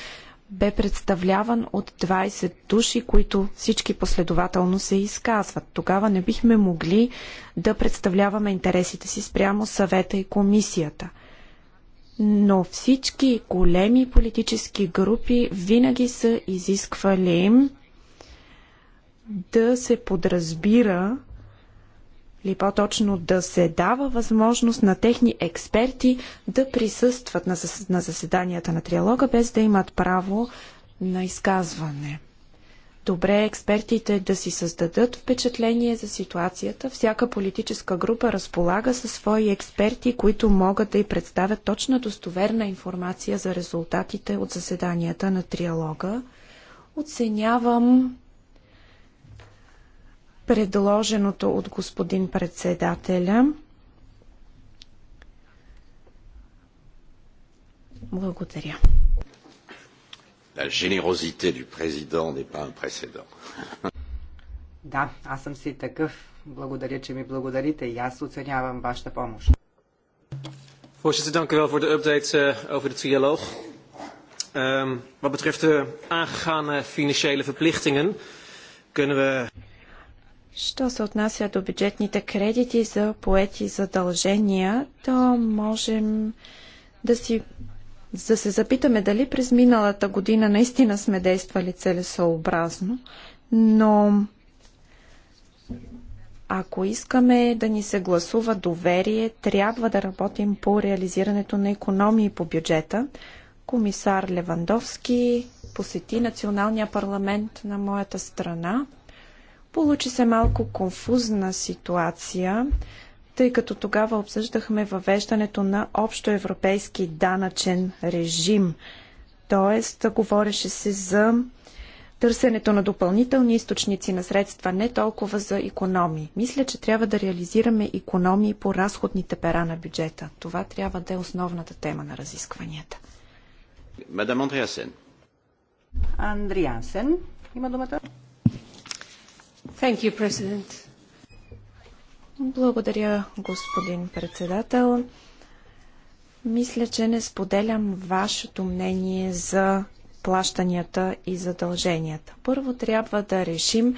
бе представляван от 20 души, които всички последователно се изказват. Тогава не бихме могли да представляваме интересите си спрямо съвета и комисията. Но всички големи политически групи винаги са изисквали да се подразбира или по-точно да се дава възможност на техни експерти да присъстват на, зас... на заседанията на триалога, без да имат право на изказване. Добре е експертите да си създадат впечатление за ситуацията. Всяка политическа група разполага със свои експерти, които могат да й представят точна достоверна информация за резултатите от заседанията на триалога. Оценявам предложеното от господин председателя. Благодаря. La générosité du président n'est pas un précédent. Да, аз съм си такъв. Благодаря, че ми благодарите и аз оценявам вашата помощ. Voorzitter, dank u wel voor de update uh, over de trialoog. Um, wat betreft de aangegane financiële verplichtingen kunnen we... Що се отнася до бюджетните кредити за поети задължения, то можем да си да се запитаме дали през миналата година наистина сме действали целесообразно, но ако искаме да ни се гласува доверие, трябва да работим по реализирането на економии по бюджета. Комисар Левандовски посети националния парламент на моята страна Получи се малко конфузна ситуация, тъй като тогава обсъждахме въвеждането на общоевропейски данъчен режим. Тоест, говореше се за търсенето на допълнителни източници на средства, не толкова за економии. Мисля, че трябва да реализираме економии по разходните пера на бюджета. Това трябва да е основната тема на разискванията. Мадам Андриасен. Андриасен има думата. Thank you, President. Благодаря, господин председател. Мисля, че не споделям вашето мнение за плащанията и задълженията. Първо трябва да решим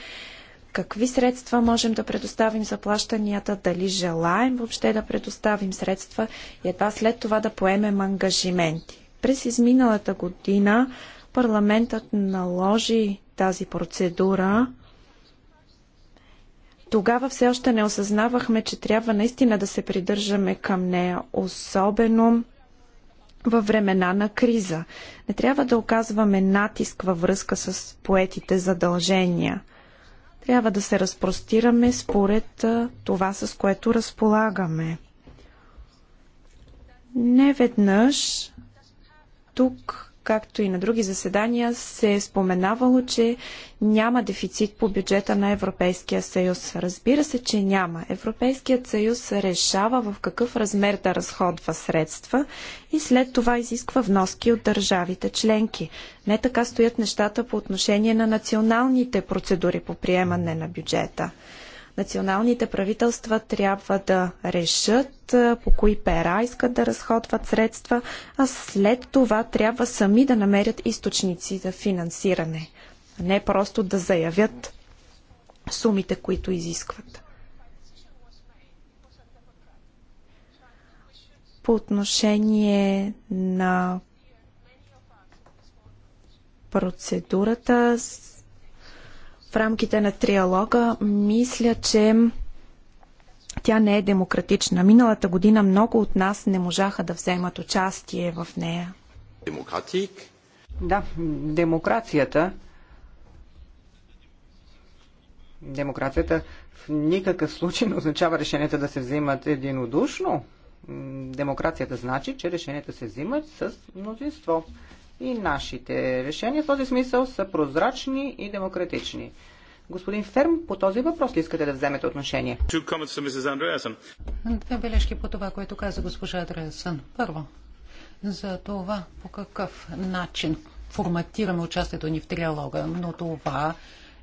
какви средства можем да предоставим за плащанията, дали желаем въобще да предоставим средства и едва след това да поемем ангажименти. През изминалата година парламентът наложи тази процедура тогава все още не осъзнавахме, че трябва наистина да се придържаме към нея, особено във времена на криза. Не трябва да оказваме натиск във връзка с поетите задължения. Трябва да се разпростираме според това, с което разполагаме. Не веднъж тук както и на други заседания, се е споменавало, че няма дефицит по бюджета на Европейския съюз. Разбира се, че няма. Европейският съюз решава в какъв размер да разходва средства и след това изисква вноски от държавите членки. Не така стоят нещата по отношение на националните процедури по приемане на бюджета. Националните правителства трябва да решат по кои пера искат да разходват средства, а след това трябва сами да намерят източници за финансиране, а не просто да заявят сумите, които изискват. По отношение на процедурата в рамките на триалога, мисля, че тя не е демократична. Миналата година много от нас не можаха да вземат участие в нея. Демократик? Да, демокрацията. Демокрацията в никакъв случай не означава решенията да се взимат единодушно. Демокрацията значи, че решенията се взимат с мнозинство и нашите решения в този смисъл са прозрачни и демократични. Господин Ферм, по този въпрос ли искате да вземете отношение? Две бележки по това, което каза госпожа Андреасън. Първо, за това по какъв начин форматираме участието ни в триалога, но това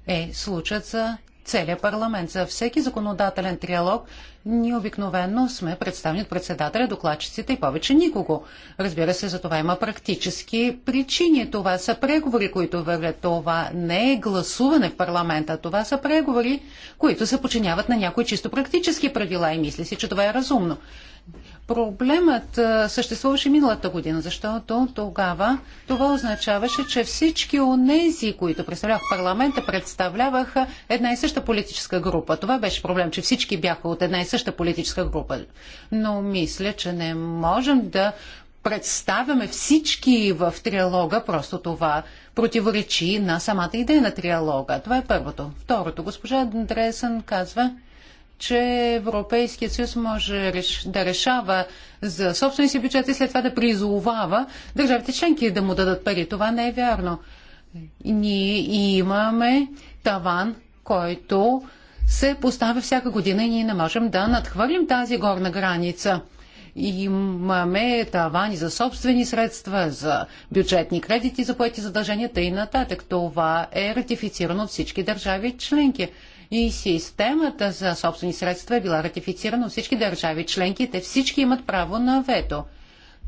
е случат за целият парламент. За всеки законодателен триалог ние обикновено сме представени от председателя, докладчиците и повече никого. Разбира се, за това има практически причини. Това са преговори, които вървят. Това не е гласуване в парламента. Това са преговори, които се подчиняват на някои чисто практически правила и мисли си, че това е разумно. Проблемът съществуваше миналата година, защото тогава това означаваше, че всички онези, които представлявах парламента, представляваха една и съща политическа група. Това беше проблем, че всички бяха от една и съща политическа група. Но мисля, че не можем да представяме всички в триалога, просто това противоречи на самата идея на триалога. Това е първото. Второто, госпожа Дресън казва, че Европейският съюз може да решава за собствения си бюджет и след това да призовава държавите членки да му дадат пари. Това не е вярно. Ние имаме таван, който се поставя всяка година и ние не можем да надхвърлим тази горна граница. Имаме тавани за собствени средства, за бюджетни кредити, за поети задълженията и нататък. Това е ратифицирано от всички държави членки и системата за собствени средства е била ратифицирана от всички държави членки. Те всички имат право на вето.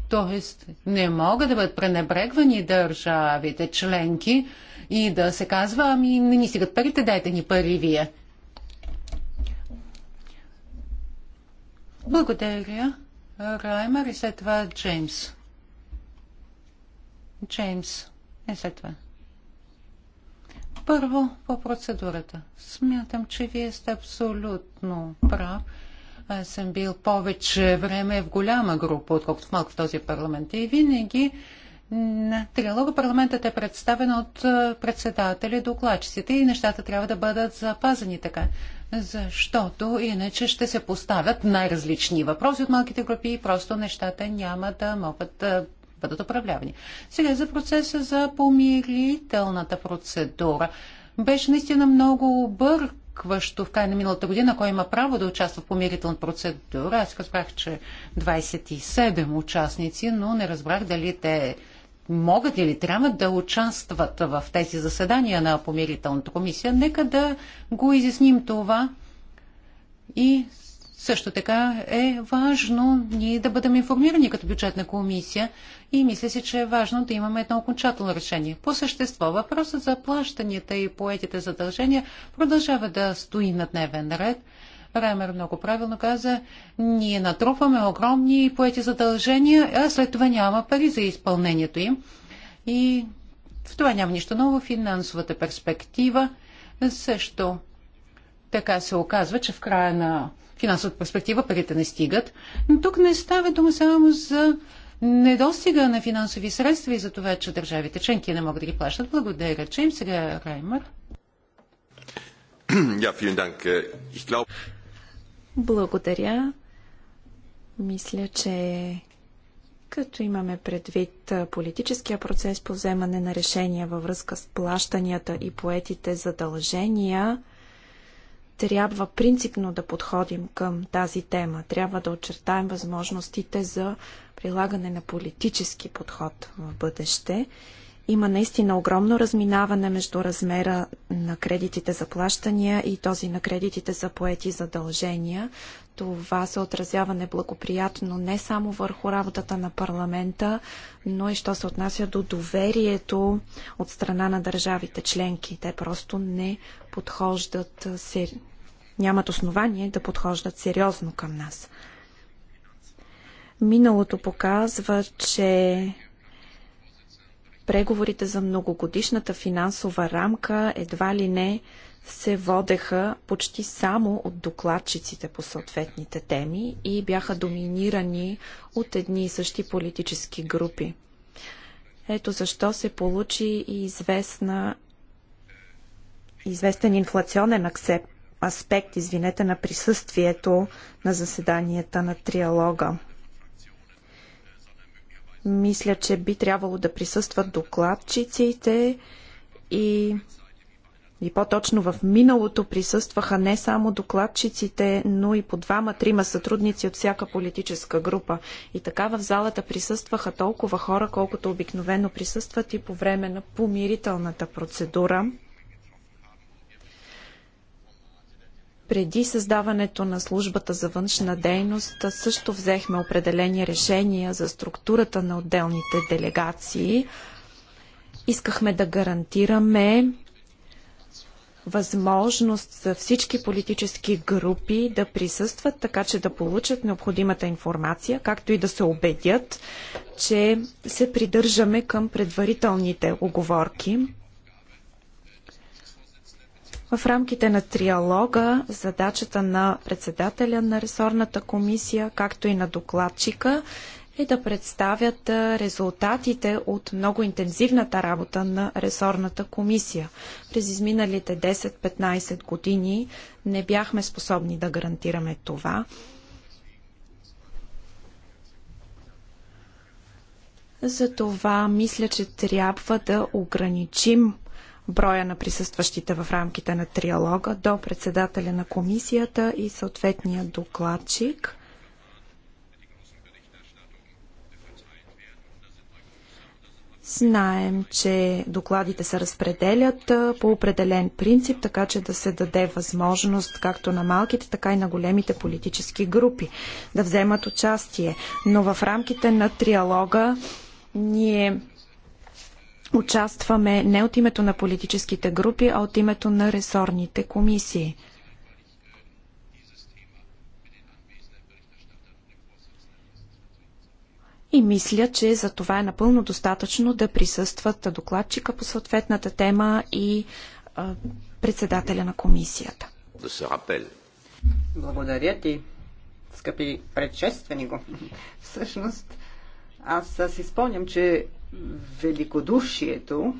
Тоест не могат да бъдат пренебрегвани държавите членки и да се казва, ами не ни стигат парите, дайте ни пари вие. Благодаря. Раймер и след това Джеймс. Джеймс. И след това. Първо по процедурата. Смятам, че вие сте абсолютно прав. Аз съм бил повече време в голяма група, отколкото в малко в този парламент. И винаги на триалога парламентът е представен от председатели докладчиците и нещата трябва да бъдат запазени така. Защото иначе ще се поставят най-различни въпроси от малките групи и просто нещата няма да могат да бъдат управлявани. Сега за процеса за помирителната процедура. Беше наистина много объркващо в край на миналата година, кой има право да участва в помирителна процедура. Аз разбрах, че 27 участници, но не разбрах дали те могат или трябва да участват в тези заседания на помирителната комисия. Нека да го изясним това и също така е важно ние да бъдем информирани като бюджетна комисия и мисля си, че е важно да имаме едно окончателно решение. По същество въпросът за плащанията и поетите задължения продължава да стои на дневен ред. Раймер много правилно каза, ние натрупваме огромни поети задължения, а след това няма пари за изпълнението им. И в това няма нищо ново. Финансовата перспектива също така се оказва, че в края на финансовата перспектива парите не стигат. Но тук не става дума само за недостига на финансови средства и за това, че държавите членки не могат да ги плащат. Благодаря, че им сега Раймър. Благодаря. Мисля, че като имаме предвид политическия процес по вземане на решения във връзка с плащанията и поетите задължения, трябва принципно да подходим към тази тема. Трябва да очертаем възможностите за прилагане на политически подход в бъдеще има наистина огромно разминаване между размера на кредитите за плащания и този на кредитите за поети задължения. Това се отразява неблагоприятно не само върху работата на парламента, но и що се отнася до доверието от страна на държавите членки. Те просто не подхождат, нямат основание да подхождат сериозно към нас. Миналото показва, че преговорите за многогодишната финансова рамка едва ли не се водеха почти само от докладчиците по съответните теми и бяха доминирани от едни и същи политически групи. Ето защо се получи и известна, известен инфлационен аспект извинете, на присъствието на заседанията на триалога. Мисля, че би трябвало да присъстват докладчиците и, и по-точно в миналото присъстваха не само докладчиците, но и по двама-трима сътрудници от всяка политическа група. И така в залата присъстваха толкова хора, колкото обикновено присъстват и по време на помирителната процедура. Преди създаването на службата за външна дейност също взехме определени решения за структурата на отделните делегации. Искахме да гарантираме възможност за всички политически групи да присъстват, така че да получат необходимата информация, както и да се убедят, че се придържаме към предварителните оговорки. В рамките на триалога задачата на председателя на ресорната комисия, както и на докладчика, е да представят резултатите от много интензивната работа на ресорната комисия. През изминалите 10-15 години не бяхме способни да гарантираме това. Затова мисля, че трябва да ограничим броя на присъстващите в рамките на триалога до председателя на комисията и съответния докладчик. Знаем, че докладите се разпределят по определен принцип, така че да се даде възможност както на малките, така и на големите политически групи да вземат участие. Но в рамките на триалога ние участваме не от името на политическите групи, а от името на ресорните комисии. И мисля, че за това е напълно достатъчно да присъстват докладчика по съответната тема и а, председателя на комисията. Благодаря ти, скъпи предшественико. Всъщност, аз си спомням, че великодушието,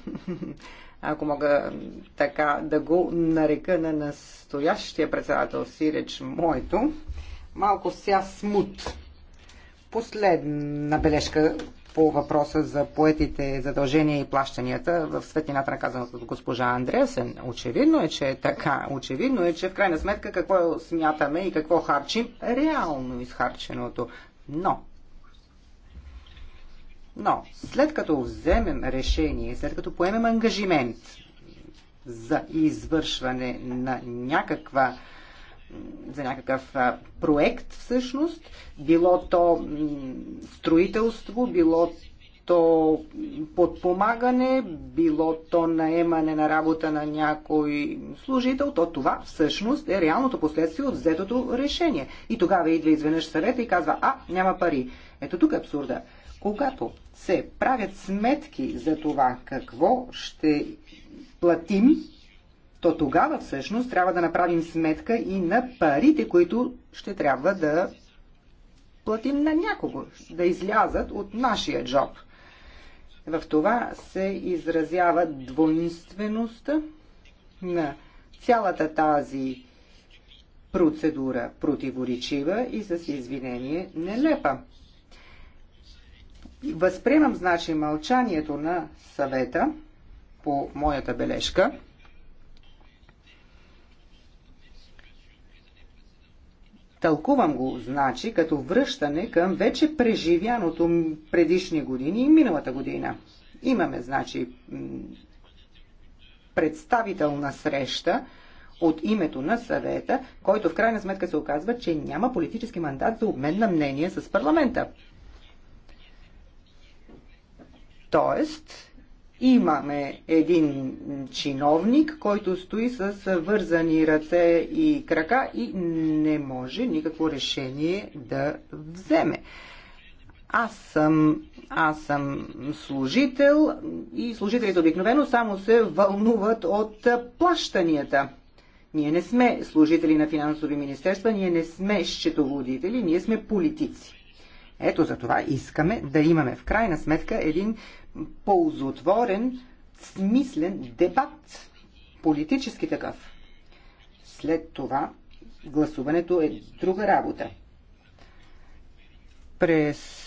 ако мога така да го нарека на настоящия председател Сиреч моето, малко ся смут. Последна бележка по въпроса за поетите задължения и плащанията в светлината на казаното от госпожа Андреасен. Очевидно е, че е така. Очевидно е, че в крайна сметка какво смятаме и какво харчим, реално изхарченото. Но но след като вземем решение, след като поемем ангажимент за извършване на някаква за някакъв проект всъщност, било то строителство, било то подпомагане, било то наемане на работа на някой служител, то това всъщност е реалното последствие от взетото решение. И тогава идва изведнъж съвета и казва, а, няма пари. Ето тук е абсурда. Когато се правят сметки за това какво ще платим, то тогава всъщност трябва да направим сметка и на парите, които ще трябва да платим на някого, да излязат от нашия джоб. В това се изразява двойнствеността на цялата тази процедура противоречива и с извинение нелепа. Възприемам, значи, мълчанието на съвета по моята бележка. Тълкувам го, значи, като връщане към вече преживяното предишни години и миналата година. Имаме, значи, представителна среща от името на съвета, който в крайна сметка се оказва, че няма политически мандат за обмен на мнение с парламента. Тоест, имаме един чиновник, който стои с вързани ръце и крака и не може никакво решение да вземе. Аз съм, аз съм служител и служителите обикновено само се вълнуват от плащанията. Ние не сме служители на финансови министерства, ние не сме счетоводители, ние сме политици. Ето за това искаме да имаме в крайна сметка един ползотворен, смислен дебат, политически такъв. След това гласуването е друга работа. През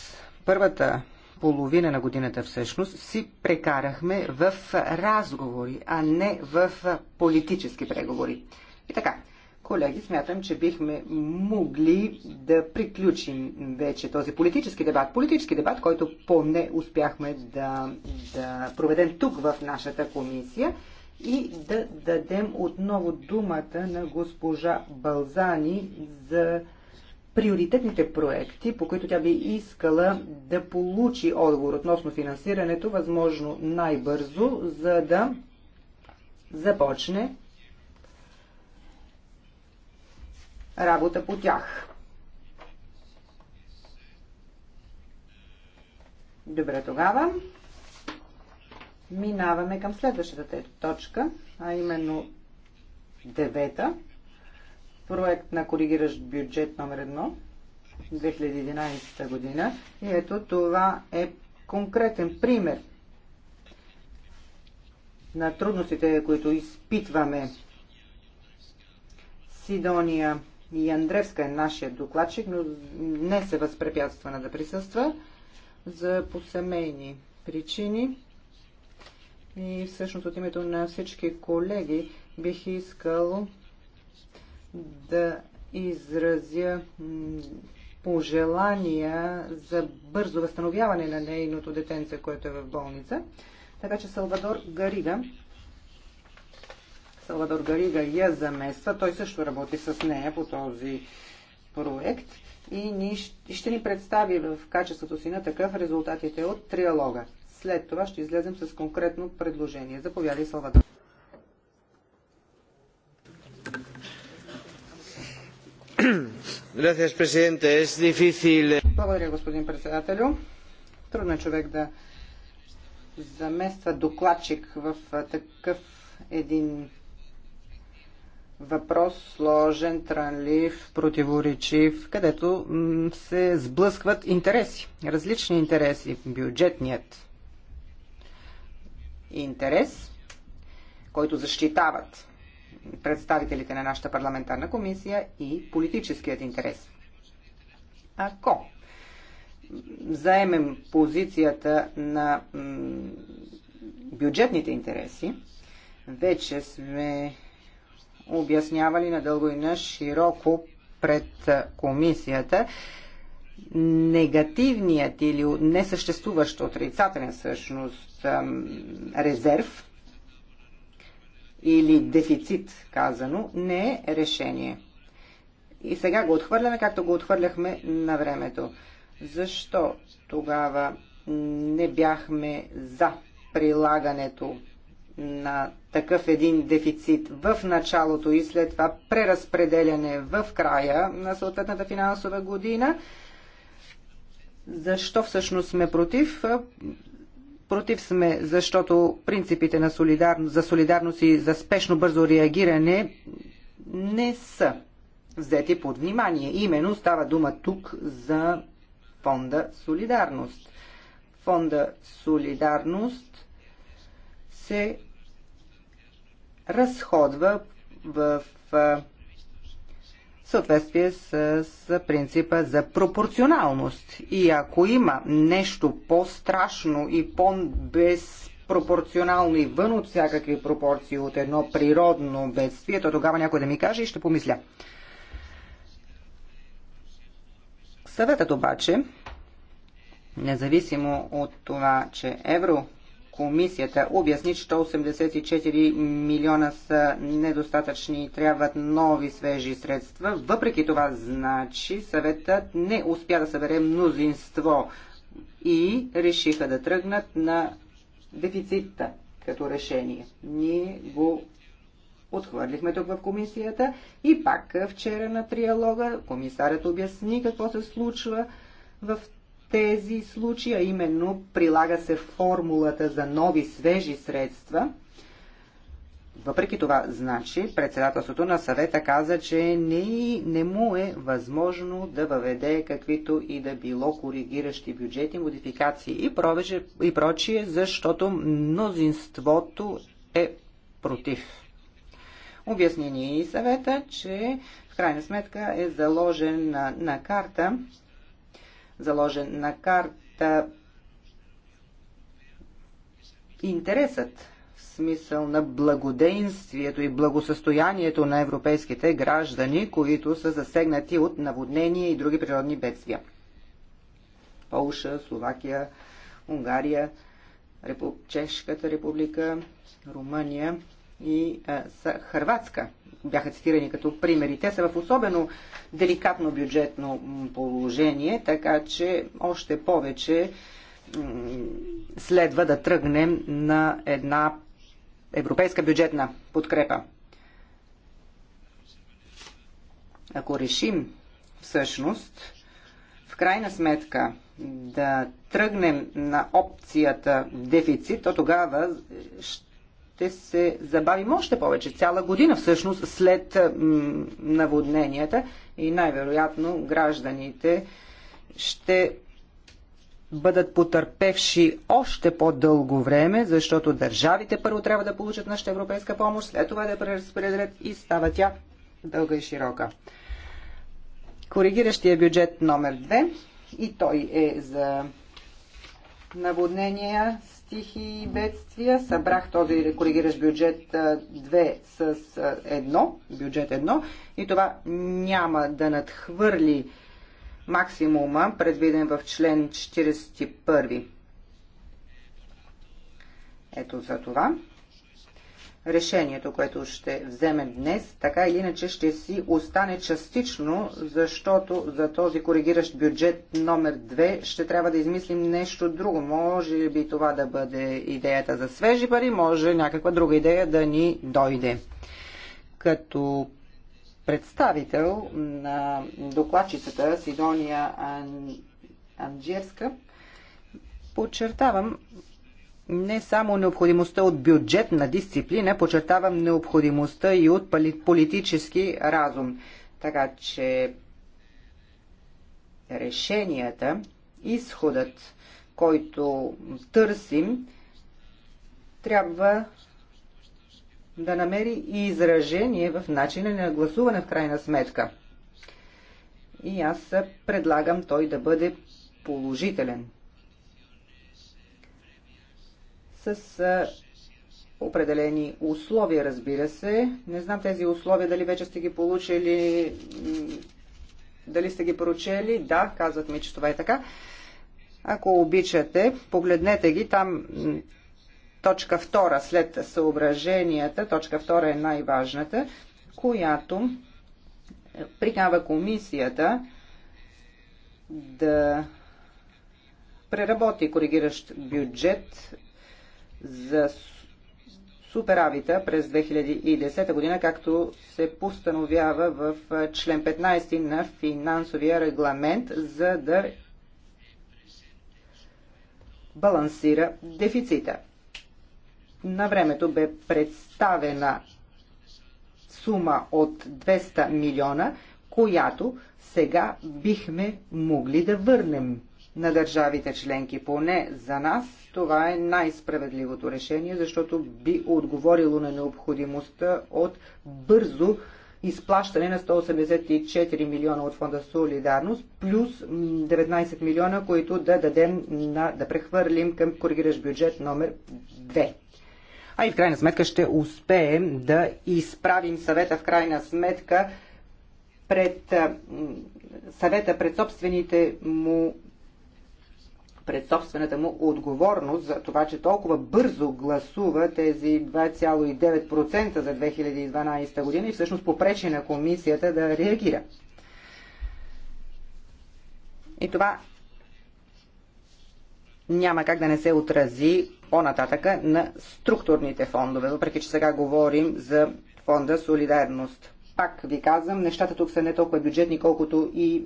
първата половина на годината всъщност си прекарахме в разговори, а не в политически преговори. И така, Колеги, смятам, че бихме могли да приключим вече този политически дебат. Политически дебат, който поне успяхме да, да проведем тук в нашата комисия и да дадем отново думата на госпожа Балзани за приоритетните проекти, по които тя би искала да получи отговор относно финансирането, възможно най-бързо, за да започне работа по тях. Добре, тогава минаваме към следващата точка, а именно девета. Проект на коригиращ бюджет номер 1 2011 година. И ето това е конкретен пример на трудностите, които изпитваме. Сидония и Андревска е нашия докладчик, но не се възпрепятствана да присъства за посемейни причини. И всъщност от името на всички колеги бих искал да изразя пожелания за бързо възстановяване на нейното детенце, което е в болница. Така че Салвадор Гарига Салвадор Гарига я замества. Той също работи с нея по този проект и ни, ще ни представи в качеството си на такъв резултатите от триалога. След това ще излезем с конкретно предложение. Заповядай, Салвадор. Gracias, presidente. Es difícil. Благодаря, господин председателю. Трудно е човек да замества докладчик в такъв един въпрос сложен, транлив, противоречив, където се сблъскват интереси, различни интереси. Бюджетният интерес, който защитават представителите на нашата парламентарна комисия и политическият интерес. Ако заемем позицията на бюджетните интереси, вече сме обяснявали надълго и на широко пред комисията негативният или несъществуващ отрицателен същност резерв или дефицит казано не е решение. И сега го отхвърляме, както го отхвърляхме на времето. Защо тогава не бяхме за прилагането на такъв един дефицит в началото и след това преразпределяне в края на съответната финансова година. Защо всъщност сме против? Против сме, защото принципите на солидарност, за солидарност и за спешно бързо реагиране не са взети под внимание. Именно става дума тук за фонда Солидарност. Фонда Солидарност се разходва в съответствие с, принципа за пропорционалност. И ако има нещо по-страшно и по-безпропорционално и вън от всякакви пропорции от едно природно бедствие, то тогава някой да ми каже и ще помисля. Съветът обаче, независимо от това, че евро комисията обясни, че 184 милиона са недостатъчни и трябват нови свежи средства. Въпреки това, значи, съветът не успя да събере мнозинство и решиха да тръгнат на дефицита като решение. Ние го Отхвърлихме тук в комисията и пак вчера на триалога комисарят обясни какво се случва в тези случаи, а именно прилага се формулата за нови свежи средства. Въпреки това, значи, председателството на съвета каза, че не, не му е възможно да въведе каквито и да било коригиращи бюджети, модификации и, провеже, и прочие, защото мнозинството е против. Обяснение и съвета, че в крайна сметка е заложен на, на карта заложен на карта интересът в смисъл на благоденствието и благосъстоянието на европейските граждани, които са засегнати от наводнения и други природни бедствия. Полша, Словакия, Унгария, Чешката република, Румъния и а, Хрватска бяха цитирани като примери. Те са в особено деликатно бюджетно положение, така че още повече следва да тръгнем на една европейска бюджетна подкрепа. Ако решим всъщност в крайна сметка да тръгнем на опцията дефицит, то тогава ще ще се забавим още повече, цяла година всъщност след наводненията и най-вероятно гражданите ще бъдат потърпевши още по-дълго време, защото държавите първо трябва да получат нашата европейска помощ, след това да преразпределят и става тя дълга и широка. Коригиращия бюджет номер 2 и той е за наводнения стихи бедствия. Събрах този коригираш бюджет 2 с 1, бюджет 1 и това няма да надхвърли максимума, предвиден в член 41. Ето за това решението, което ще вземем днес, така или иначе ще си остане частично, защото за този коригиращ бюджет номер 2 ще трябва да измислим нещо друго. Може би това да бъде идеята за свежи пари, може някаква друга идея да ни дойде. Като представител на докладчицата Сидония Анджиевска, подчертавам, не само необходимостта от бюджетна дисциплина, подчертавам необходимостта и от политически разум. Така че решенията, изходът, който търсим, трябва да намери и изражение в начина на гласуване в крайна сметка. И аз предлагам той да бъде положителен с а, определени условия, разбира се. Не знам тези условия дали вече сте ги получили, дали сте ги прочели. Да, казват ми, че това е така. Ако обичате, погледнете ги там. Точка втора след съображенията, точка втора е най-важната, която прикава комисията да преработи коригиращ бюджет за суперавита през 2010 година, както се постановява в член 15 на финансовия регламент, за да балансира дефицита. На времето бе представена сума от 200 милиона, която сега бихме могли да върнем на държавите членки. Поне за нас това е най-справедливото решение, защото би отговорило на необходимостта от бързо изплащане на 184 милиона от фонда Солидарност, плюс 19 милиона, които да дадем на, да прехвърлим към коригираш бюджет номер 2. А и в крайна сметка ще успеем да изправим съвета в крайна сметка пред съвета пред собствените му пред собствената му отговорност за това, че толкова бързо гласува тези 2,9% за 2012 година и всъщност попречи на комисията да реагира. И това няма как да не се отрази по-нататъка на структурните фондове, въпреки че сега говорим за фонда Солидарност. Пак ви казвам, нещата тук са не толкова бюджетни, колкото и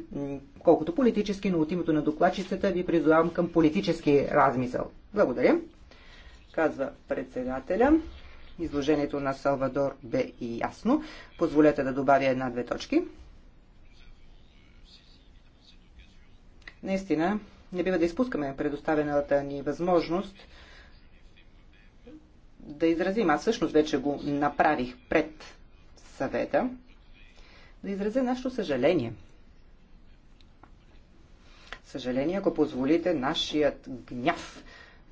колкото политически, но от името на докладчицата ви призовавам към политически размисъл. Благодаря, казва председателя. Изложението на Салвадор бе и ясно. Позволете да добавя една-две точки. Наистина, не бива да изпускаме предоставената ни възможност да изразим. Аз всъщност вече го направих пред съвета да изразя нашето съжаление. Съжаление, ако позволите, нашият гняв.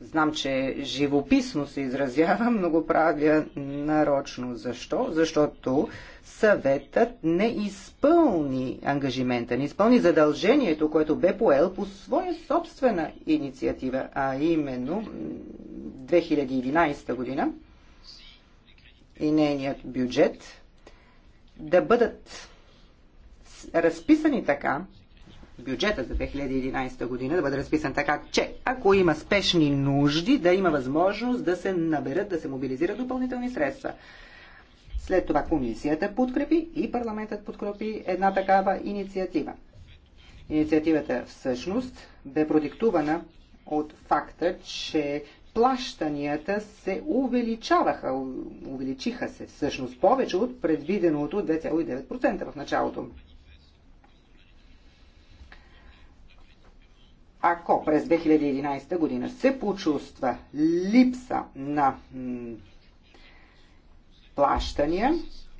Знам, че живописно се изразявам, но го правя нарочно. Защо? Защото съветът не изпълни ангажимента, не изпълни задължението, което бе поел по своя собствена инициатива, а именно 2011 година и нейният бюджет – да бъдат разписани така, бюджета за 2011 година да бъде разписан така, че ако има спешни нужди, да има възможност да се наберат, да се мобилизират допълнителни средства. След това комисията подкрепи и парламентът подкрепи една такава инициатива. Инициативата всъщност бе продиктувана от факта, че плащанията се увеличаваха, увеличиха се всъщност повече от предвиденото 2,9% в началото. Ако през 2011 година се почувства липса на плащания,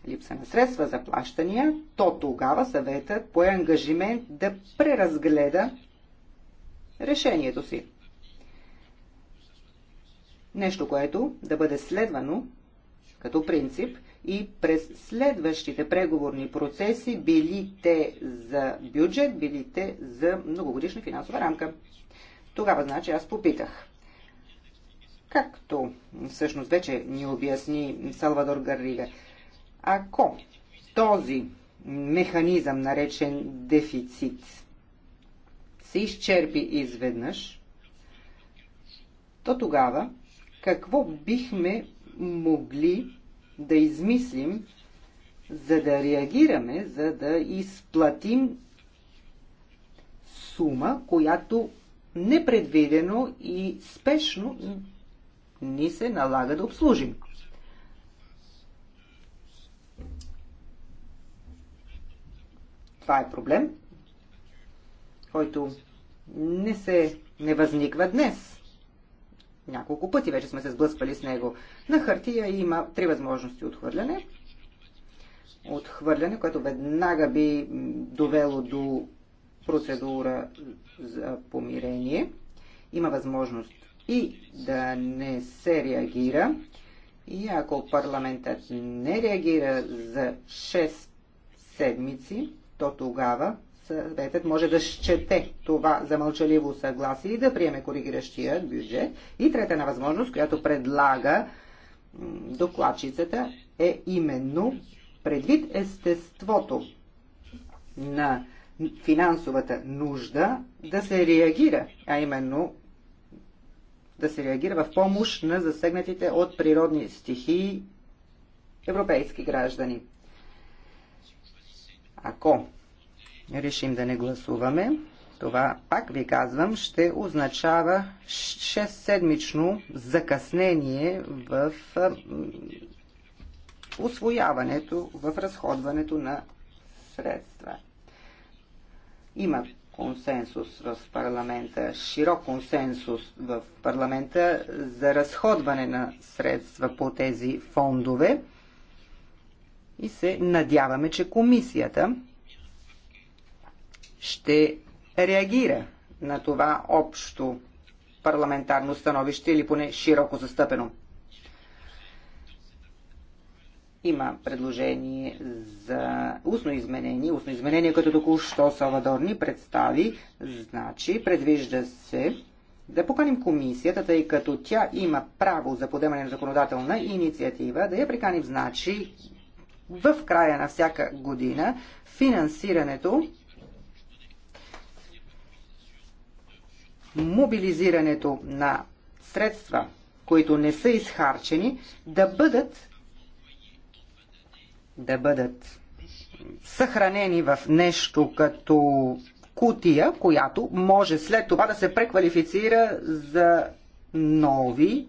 липса на средства за плащания, то тогава съветът пое ангажимент да преразгледа решението си. Нещо, което да бъде следвано като принцип и през следващите преговорни процеси, били те за бюджет, били те за многогодишна финансова рамка. Тогава, значи, аз попитах. Както всъщност вече ни обясни Салвадор Гаррига, ако този механизъм, наречен дефицит, се изчерпи изведнъж, то тогава какво бихме могли да измислим, за да реагираме, за да изплатим сума, която непредвидено и спешно ни се налага да обслужим. Това е проблем, който не се не възниква днес. Няколко пъти вече сме се сблъсквали с него. На хартия има три възможности. Отхвърляне, отхвърляне, което веднага би довело до процедура за помирение. Има възможност и да не се реагира. И ако парламентът не реагира за 6 седмици, то тогава съветът може да счете това за мълчаливо съгласие и да приеме коригиращия бюджет. И трета на възможност, която предлага докладчицата е именно предвид естеството на финансовата нужда да се реагира, а именно да се реагира в помощ на засегнатите от природни стихии европейски граждани. Ако решим да не гласуваме, това, пак ви казвам, ще означава 6-седмично закъснение в освояването, в разходването на средства. Има консенсус в парламента, широк консенсус в парламента за разходване на средства по тези фондове и се надяваме, че комисията ще реагира на това общо парламентарно становище или поне широко застъпено. Има предложение за устно изменение. Устно изменение, като току-що Салвадор ни представи, значи предвижда се да поканим комисията, тъй като тя има право за подемане на законодателна инициатива, да я приканим, значи, в края на всяка година финансирането мобилизирането на средства, които не са изхарчени, да бъдат да бъдат съхранени в нещо като кутия, която може след това да се преквалифицира за нови,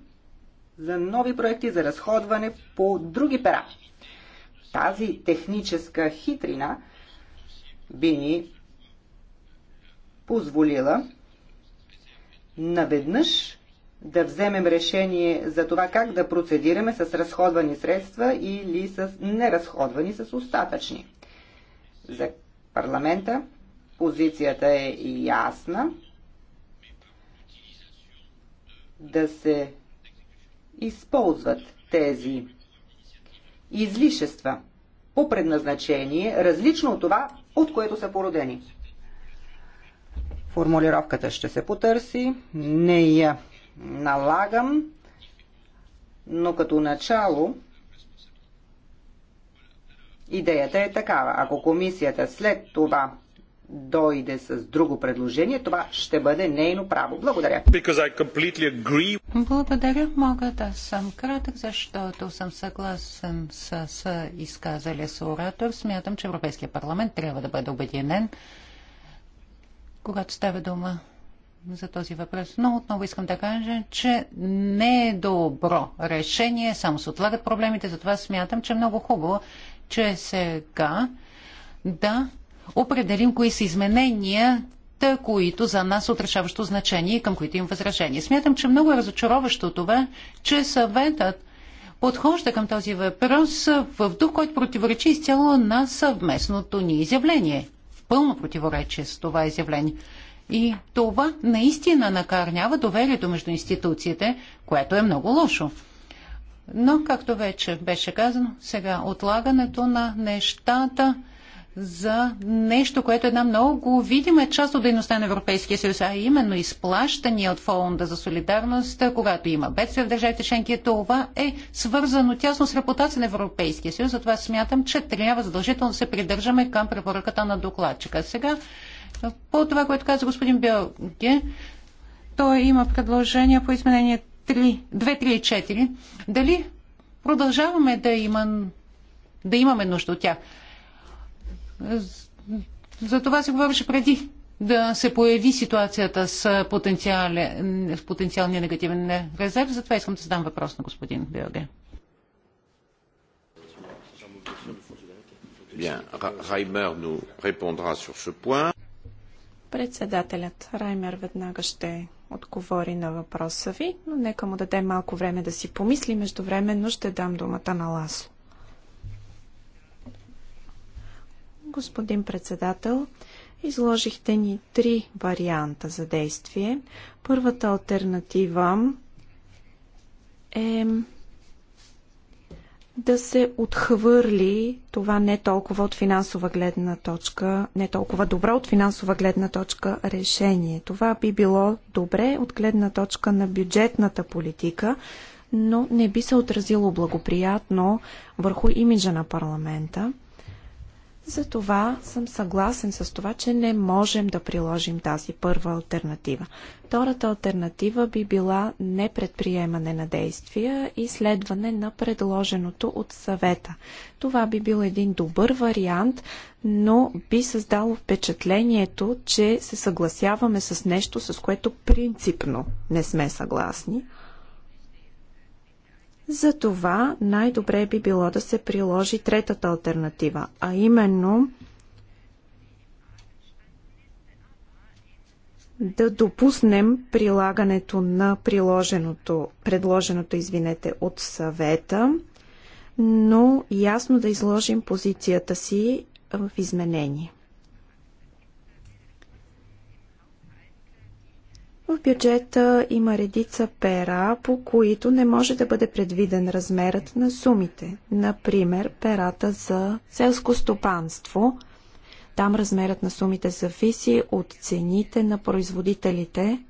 за нови проекти за разходване по други пера. Тази техническа хитрина би ни позволила наведнъж да вземем решение за това как да процедираме с разходвани средства или с неразходвани, с остатъчни. За парламента позицията е ясна да се използват тези излишества по предназначение, различно от това, от което са породени. Формулировката ще се потърси, не я налагам, но като начало идеята е такава. Ако комисията след това дойде с друго предложение, това ще бъде нейно право. Благодаря. Благодаря. Мога да съм кратък, защото съм съгласен с, с изказали с оратор. Смятам, че Европейския парламент трябва да бъде обединен когато става дума за този въпрос. Но отново искам да кажа, че не е добро решение, само се отлагат проблемите, затова смятам, че е много хубаво, че сега да определим кои са изменения, които за нас от решаващо значение и към които им възражение. Смятам, че много е разочароващо това, че съветът подхожда към този въпрос в дух, който противоречи изцяло на съвместното ни изявление – пълно противоречие с това изявление. И това наистина накарнява доверието между институциите, което е много лошо. Но, както вече беше казано, сега отлагането на нещата за нещо, което е една много видима част от дейността на Европейския съюз, а именно изплащания от фонда за солидарност, когато има бедствия в държавите членки. Това е свързано тясно с репутация на Европейския съюз, затова смятам, че трябва задължително да се придържаме към препоръката на докладчика. Сега, по това, което каза господин Белге, той има предложение по изменение 3, 2, 3 и 4. Дали продължаваме да, има, да имаме нужда от тях? За това се говореше преди да се появи ситуацията с, с потенциалния негативен резерв. Затова искам да задам въпрос на господин Бюрге. Председателят Раймер веднага ще отговори на въпроса ви, но нека му даде малко време да си помисли. Междувременно ще дам думата на Ласло. Господин председател, изложихте ни три варианта за действие. Първата альтернатива е да се отхвърли това не толкова от финансова гледна точка, не толкова добро от финансова гледна точка решение. Това би било добре от гледна точка на бюджетната политика, но не би се отразило благоприятно върху имиджа на парламента. Затова съм съгласен с това, че не можем да приложим тази първа альтернатива. Втората альтернатива би била непредприемане на действия и следване на предложеното от съвета. Това би бил един добър вариант, но би създало впечатлението, че се съгласяваме с нещо, с което принципно не сме съгласни – затова най-добре би било да се приложи третата альтернатива, а именно да допуснем прилагането на приложеното, предложеното извинете, от съвета, но ясно да изложим позицията си в изменение. В бюджета има редица пера, по които не може да бъде предвиден размерът на сумите. Например, перата за селско стопанство. Там размерът на сумите зависи от цените на производителите,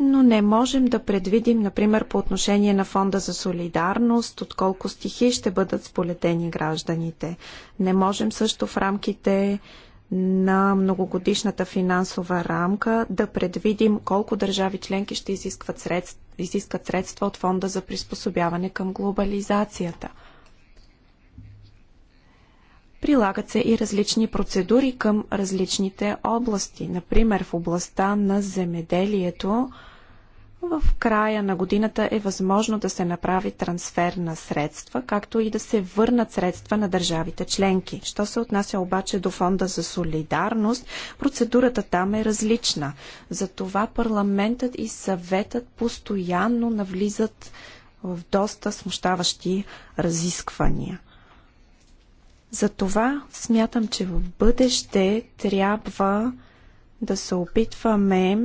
но не можем да предвидим, например, по отношение на фонда за солидарност, отколко стихи ще бъдат сполетени гражданите. Не можем също в рамките на многогодишната финансова рамка да предвидим колко държави членки ще изискват средства, изискат средства от фонда за приспособяване към глобализацията. Прилагат се и различни процедури към различните области. Например, в областта на земеделието в края на годината е възможно да се направи трансфер на средства, както и да се върнат средства на държавите членки. Що се отнася обаче до Фонда за солидарност, процедурата там е различна. Затова парламентът и съветът постоянно навлизат в доста смущаващи разисквания. Затова смятам, че в бъдеще трябва да се опитваме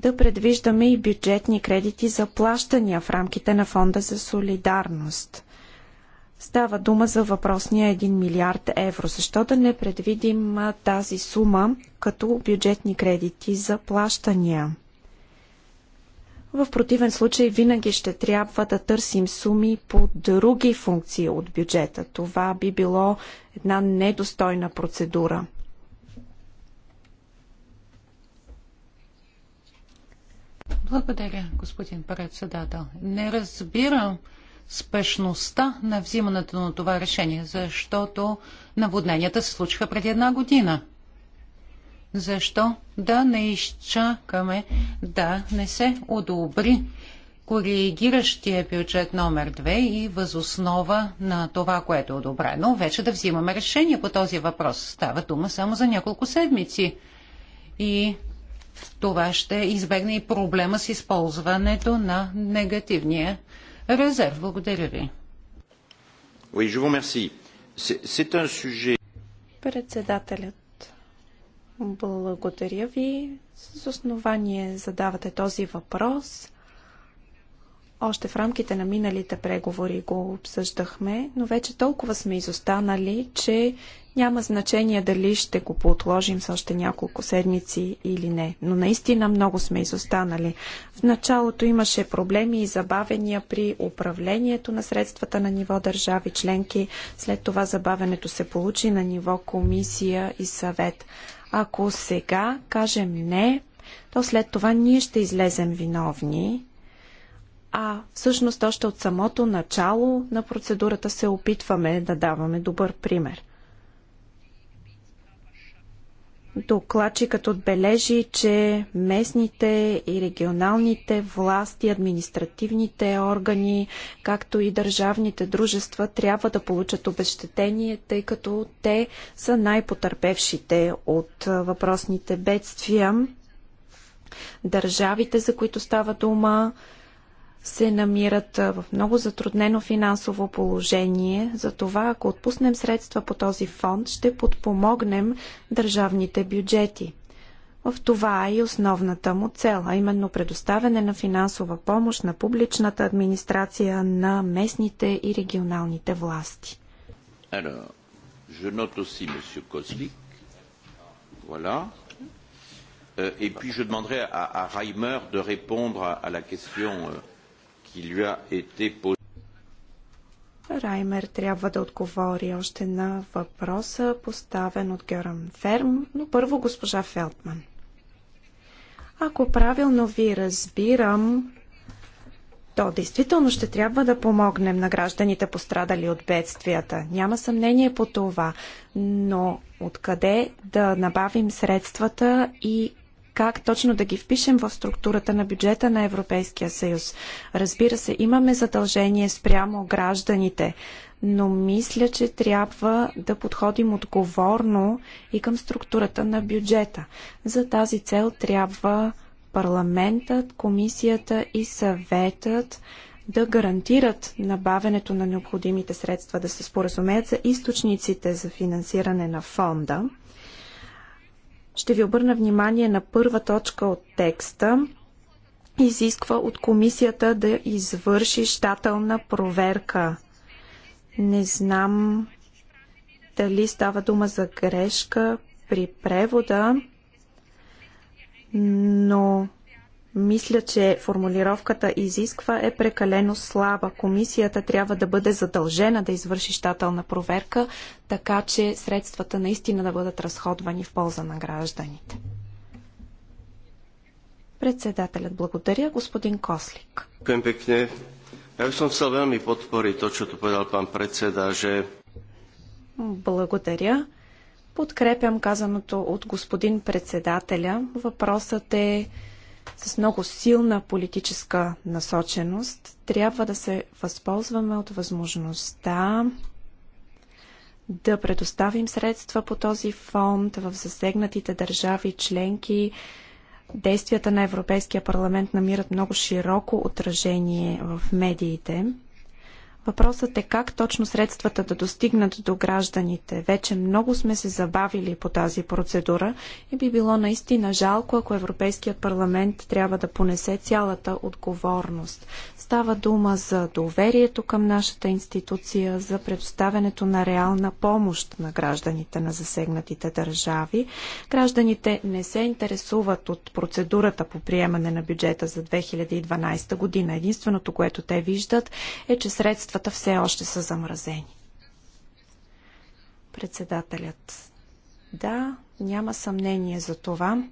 да предвиждаме и бюджетни кредити за плащания в рамките на Фонда за солидарност. Става дума за въпросния 1 милиард евро. Защо да не предвидим тази сума като бюджетни кредити за плащания? В противен случай винаги ще трябва да търсим суми по други функции от бюджета. Това би било една недостойна процедура. Благодаря, господин председател. Не разбирам спешността на взимането на това решение, защото наводненията се случиха преди една година. Защо да не изчакаме да не се одобри коригиращия бюджет номер 2 и възоснова на това, което е одобрено, вече да взимаме решение по този въпрос. Става дума само за няколко седмици. И това ще избегне и проблема с използването на негативния резерв. Благодаря ви. Oui, je vous remercie. C'est un sujet... Председателят благодаря ви. С основание задавате този въпрос. Още в рамките на миналите преговори го обсъждахме, но вече толкова сме изостанали, че няма значение дали ще го поотложим с още няколко седмици или не. Но наистина много сме изостанали. В началото имаше проблеми и забавения при управлението на средствата на ниво държави членки. След това забавенето се получи на ниво комисия и съвет. Ако сега кажем не, то след това ние ще излезем виновни а всъщност още от самото начало на процедурата се опитваме да даваме добър пример. Докладчикът отбележи, че местните и регионалните власти, административните органи, както и държавните дружества трябва да получат обещетение, тъй като те са най-потърпевшите от въпросните бедствия. Държавите, за които става дума, се намират в много затруднено финансово положение. Затова, ако отпуснем средства по този фонд, ще подпомогнем държавните бюджети. В това е и основната му цел, а именно предоставяне на финансова помощ на публичната администрация на местните и регионалните власти. Alors, euh, Et puis je demanderai à, à Reimer de répondre à, à la question euh, qui lui a été posée. Раймер трябва да отговори още на въпроса, поставен от Геръм Ферм, но първо госпожа Фелтман. Ако правилно ви разбирам, то действително ще трябва да помогнем на гражданите пострадали от бедствията. Няма съмнение по това, но откъде да набавим средствата и как точно да ги впишем в структурата на бюджета на Европейския съюз. Разбира се, имаме задължение спрямо гражданите, но мисля, че трябва да подходим отговорно и към структурата на бюджета. За тази цел трябва парламентът, комисията и съветът да гарантират набавянето на необходимите средства, да се споразумеят за източниците за финансиране на фонда. Ще ви обърна внимание на първа точка от текста. Изисква от комисията да извърши щателна проверка. Не знам дали става дума за грешка при превода, но мисля, че формулировката изисква е прекалено слаба. Комисията трябва да бъде задължена да извърши щателна проверка, така че средствата наистина да бъдат разходвани в полза на гражданите. Председателят благодаря, господин Кослик. Пекне. Ja by som chcel Благодаря. Подкрепям казаното от господин председателя. Въпросът е с много силна политическа насоченост, трябва да се възползваме от възможността да предоставим средства по този фонд в засегнатите държави членки. Действията на Европейския парламент намират много широко отражение в медиите. Въпросът е как точно средствата да достигнат до гражданите. Вече много сме се забавили по тази процедура и би било наистина жалко, ако Европейският парламент трябва да понесе цялата отговорност. Става дума за доверието към нашата институция, за предоставянето на реална помощ на гражданите на засегнатите държави. Гражданите не се интересуват от процедурата по приемане на бюджета за 2012 година. Единственото, което те виждат е, че средствата средствата все още са замразени. Председателят. Да, няма съмнение за това.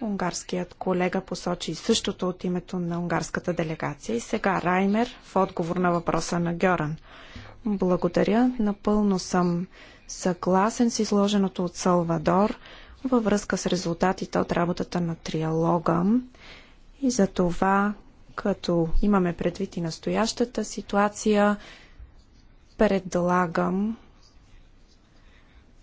Унгарският колега посочи същото от името на унгарската делегация. И сега Раймер в отговор на въпроса на Гьоран. Благодаря. Напълно съм съгласен с изложеното от Салвадор във връзка с резултатите от работата на триалога. И за това, като имаме предвид и настоящата ситуация, предлагам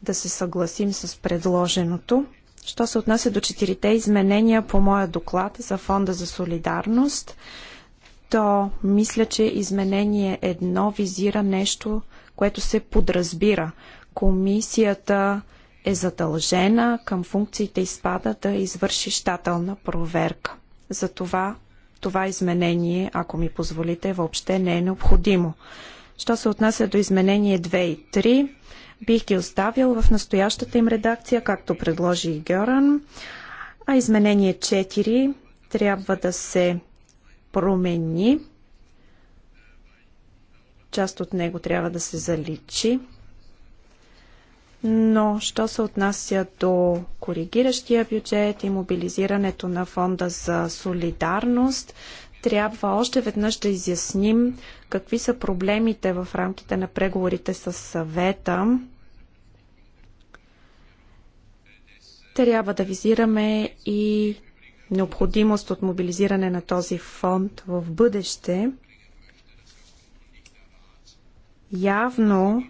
да се съгласим с предложеното. Що се отнася до четирите изменения по моя доклад за Фонда за солидарност, то мисля, че изменение едно визира нещо, което се подразбира. Комисията е задължена към функциите изпада да извърши щателна проверка. Затова това изменение, ако ми позволите, въобще не е необходимо. Що се отнася до изменение 2 и 3, бих ги оставил в настоящата им редакция, както предложи и Гьоран, а изменение 4 трябва да се промени. Част от него трябва да се заличи. Но, що се отнася до коригиращия бюджет и мобилизирането на фонда за солидарност, трябва още веднъж да изясним какви са проблемите в рамките на преговорите с съвета. Трябва да визираме и необходимост от мобилизиране на този фонд в бъдеще. Явно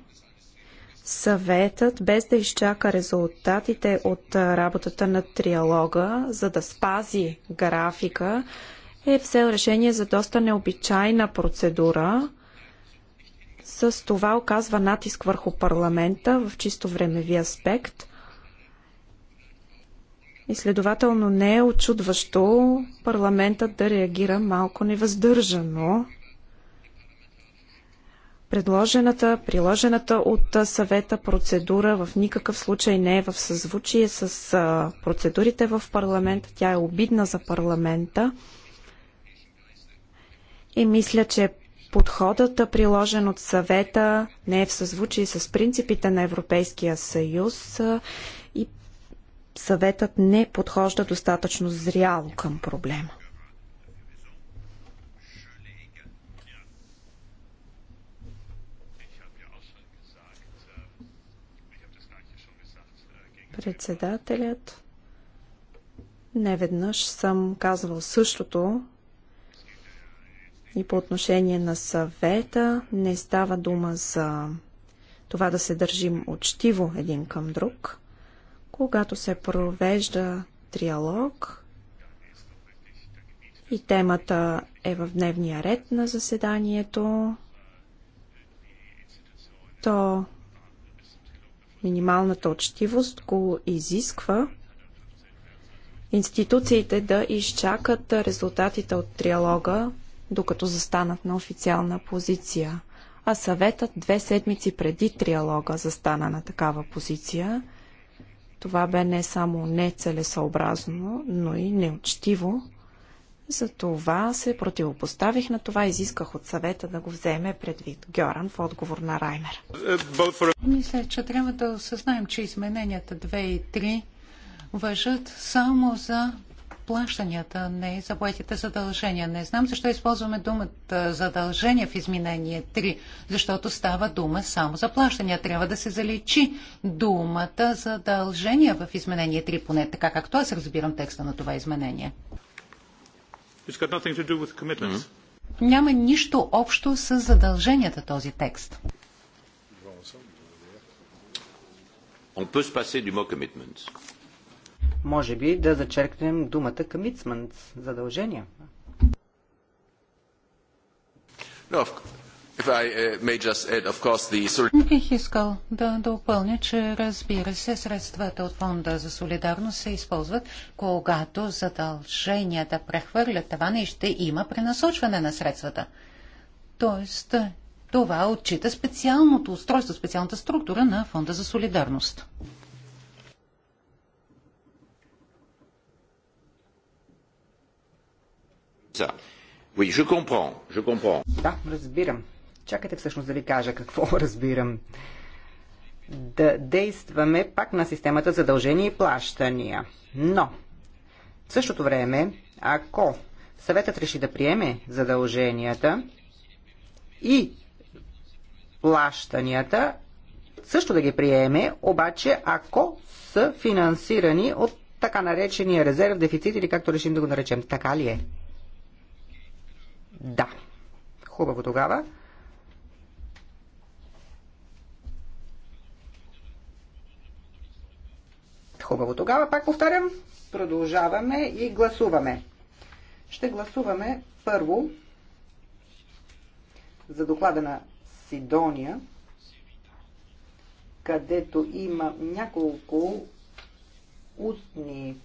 съветът, без да изчака резултатите от работата на триалога, за да спази графика, е взел решение за доста необичайна процедура. С това оказва натиск върху парламента в чисто времеви аспект. И следователно не е очудващо парламентът да реагира малко невъздържано Предложената, приложената от съвета процедура в никакъв случай не е в съзвучие с процедурите в парламента. Тя е обидна за парламента. И мисля, че подходът, приложен от съвета, не е в съзвучие с принципите на Европейския съюз и съветът не подхожда достатъчно зряло към проблема. Председателят. Неведнъж съм казвал същото и по отношение на съвета. Не става дума за това да се държим учтиво един към друг. Когато се провежда триалог и темата е в дневния ред на заседанието, то Минималната учтивост го изисква институциите да изчакат резултатите от триалога, докато застанат на официална позиция. А съветът две седмици преди триалога застана на такава позиция. Това бе не само нецелесообразно, но и неучтиво. За това се противопоставих на това, изисках от съвета да го вземе предвид Гьоран в отговор на Раймер. Мисля, че трябва да осъзнаем, че измененията 2 и 3 въжат само за плащанията, не за платите задължения. Не знам защо използваме думата задължения в изменение 3, защото става дума само за плащания. Трябва да се заличи думата задължения в изменение 3, поне така както аз разбирам текста на това изменение. Mm-hmm. Няма нищо общо с задълженията този текст. Може би да зачеркнем думата commitment, задължение. No, Uh, бих искал да допълня, че разбира се, средствата от фонда за солидарност се използват, когато задълженията прехвърлят това не ще има пренасочване на средствата. Тоест, това отчита специалното устройство, специалната структура на фонда за солидарност. Да, разбирам. Чакайте всъщност да ви кажа какво разбирам. Да действаме пак на системата задължения и плащания. Но, в същото време, ако съветът реши да приеме задълженията и плащанията, също да ги приеме, обаче ако са финансирани от така наречения резерв, дефицит или както решим да го наречем. Така ли е? Да. Хубаво тогава. Хубаво. Тогава пак повтарям. Продължаваме и гласуваме. Ще гласуваме първо за доклада на Сидония, където има няколко устни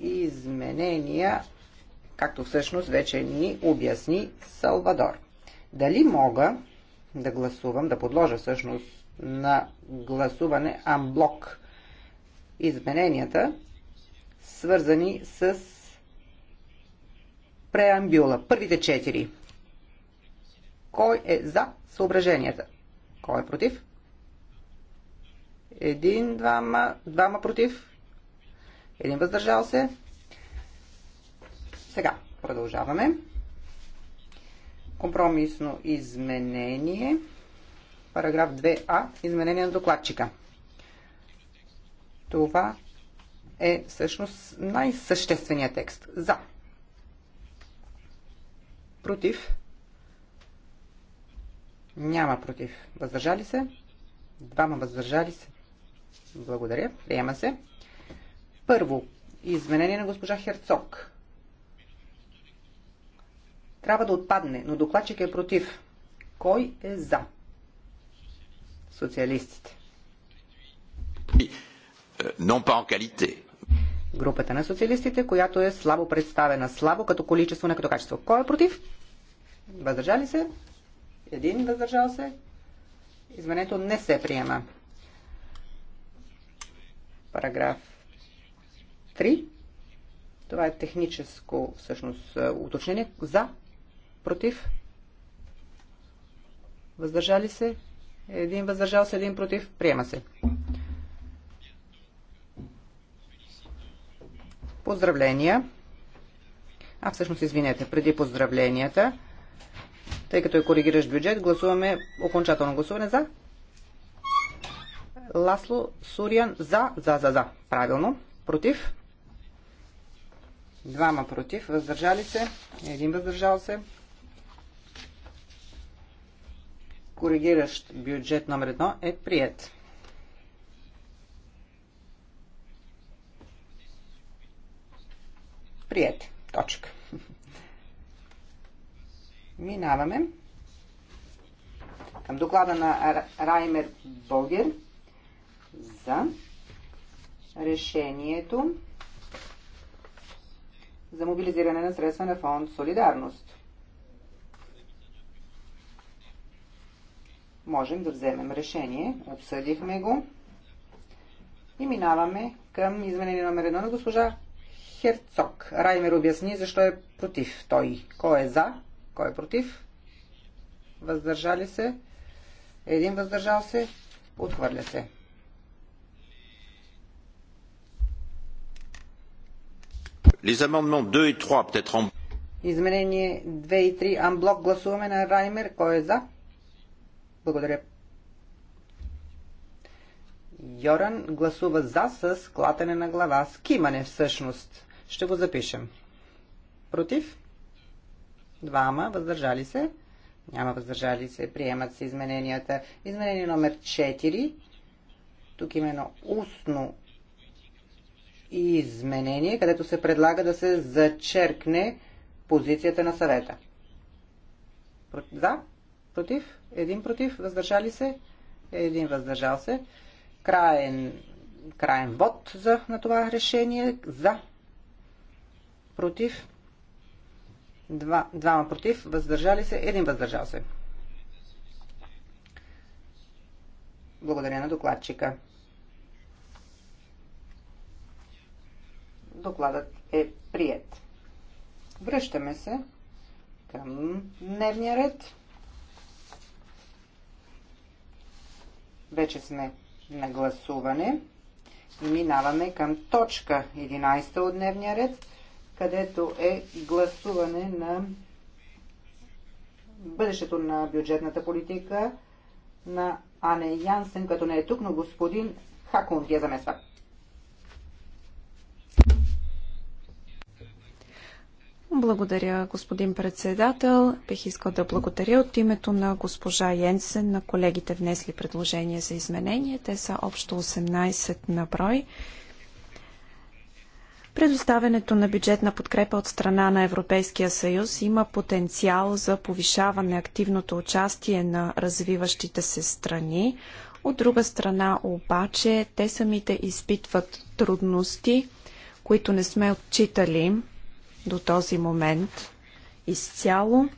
изменения, както всъщност вече ни обясни Салвадор. Дали мога да гласувам, да подложа всъщност на гласуване амблок измененията, свързани с преамбюла. Първите четири. Кой е за съображенията? Кой е против? Един, двама, двама против. Един въздържал се. Сега продължаваме. Компромисно изменение. Параграф 2а. Изменение на докладчика. Това е всъщност най-същественият текст. За. Против. Няма против. Въздържали се? Двама въздържали се. Благодаря. Приема се. Първо, изменение на госпожа Херцог. Трябва да отпадне, но докладчик е против. Кой е за? Социалистите. Euh, non pas en qualité. Групата на социалистите, която е слабо представена, слабо като количество, не като качество. Кой е против? Въздържали се? Един въздържал се? Изменето не се приема. Параграф 3. Това е техническо, всъщност, е, уточнение. За? Против? Въздържали се? Един въздържал се, един против. Приема се. Поздравления! А всъщност, извинете, преди поздравленията, тъй като е коригиращ бюджет, гласуваме окончателно гласуване за. Ласло Суриан, за, за, за, за. Правилно. Против. Двама против. Въздържали се. Един въздържал се. Коригиращ бюджет номер едно е прият. Приете. Точка. Минаваме към доклада на Раймер Богер за решението за мобилизиране на средства на фонд Солидарност. Можем да вземем решение. Обсъдихме го. И минаваме към изменение номер едно на госпожа Херцог. Раймер обясни защо е против той. Кой е за? Кой е против? Въздържали се? Един въздържал се? Отхвърля се. Les amendements 2 et 3, peut-être en... Изменение 2 и 3, амблок гласуваме на Раймер. Кой е за? Благодаря. Йоран гласува за с клатене на глава. Скимане всъщност. Ще го запишем. Против? Двама. Въздържали се? Няма въздържали се. Приемат се измененията. Изменение номер 4. Тук има едно устно изменение, където се предлага да се зачеркне позицията на съвета. За? Против? Един против? Въздържали се? Един въздържал се. Краен, краен вод за, на това решение. За против, два, двама против, въздържали се, един въздържал се. Благодаря на докладчика. Докладът е прият. Връщаме се към дневния ред. Вече сме на гласуване. Минаваме към точка 11 от дневния ред – където е гласуване на бъдещето на бюджетната политика на Ане Янсен, като не е тук, но господин Хакун е замества. Благодаря, господин председател. Бих искал да благодаря от името на госпожа Йенсен на колегите внесли предложения за изменение. Те са общо 18 на брой. Предоставянето на бюджетна подкрепа от страна на Европейския съюз има потенциал за повишаване активното участие на развиващите се страни. От друга страна обаче те самите изпитват трудности, които не сме отчитали до този момент изцяло.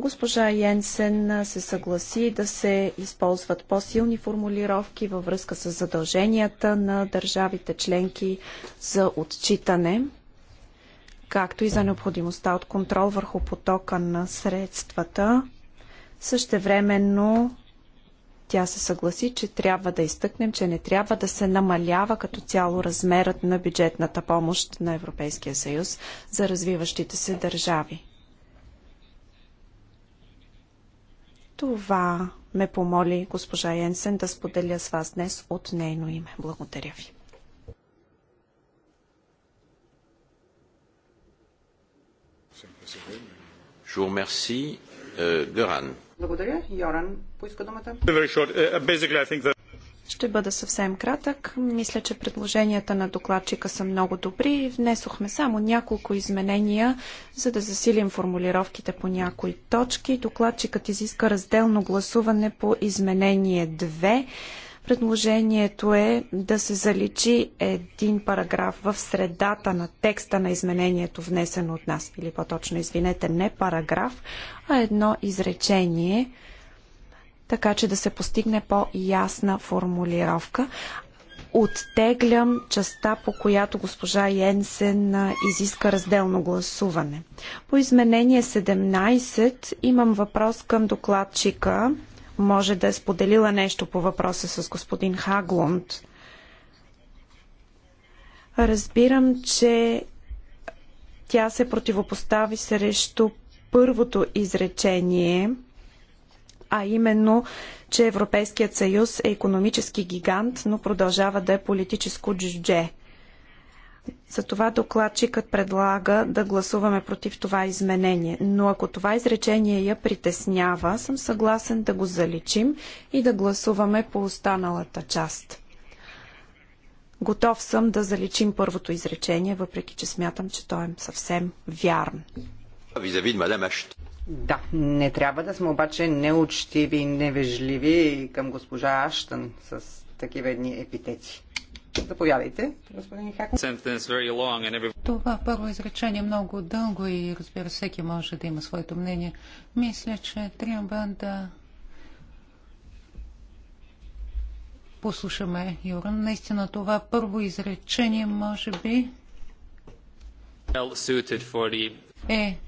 Госпожа Йенсен се съгласи да се използват по-силни формулировки във връзка с задълженията на държавите членки за отчитане, както и за необходимостта от контрол върху потока на средствата. Същевременно тя се съгласи, че трябва да изтъкнем, че не трябва да се намалява като цяло размерът на бюджетната помощ на Европейския съюз за развиващите се държави. Това ме помоли госпожа Йенсен да споделя с вас днес от нейно име. Благодаря ви. Euh, Благодаря. Йоран поиска думата. Ще бъда съвсем кратък. Мисля, че предложенията на докладчика са много добри. Внесохме само няколко изменения, за да засилим формулировките по някои точки. Докладчикът изиска разделно гласуване по изменение 2. Предложението е да се заличи един параграф в средата на текста на изменението, внесено от нас, или по-точно, извинете, не параграф, а едно изречение – така че да се постигне по-ясна формулировка. Оттеглям частта, по която госпожа Йенсен изиска разделно гласуване. По изменение 17 имам въпрос към докладчика. Може да е споделила нещо по въпроса с господин Хаглунд. Разбирам, че тя се противопостави срещу първото изречение – а именно, че Европейският съюз е економически гигант, но продължава да е политическо джудже. това докладчикът предлага да гласуваме против това изменение. Но ако това изречение я притеснява, съм съгласен да го заличим и да гласуваме по останалата част. Готов съм да заличим първото изречение, въпреки че смятам, че то е съвсем вярно. мадам Ашт. Да, не трябва да сме обаче неучтиви и невежливи към госпожа Аштън с такива едни епитети. Заповядайте, господин Хакман. Това първо изречение е много дълго и разбира всеки може да има своето мнение. Мисля, че трябва да послушаме Юран. Наистина това първо изречение може би е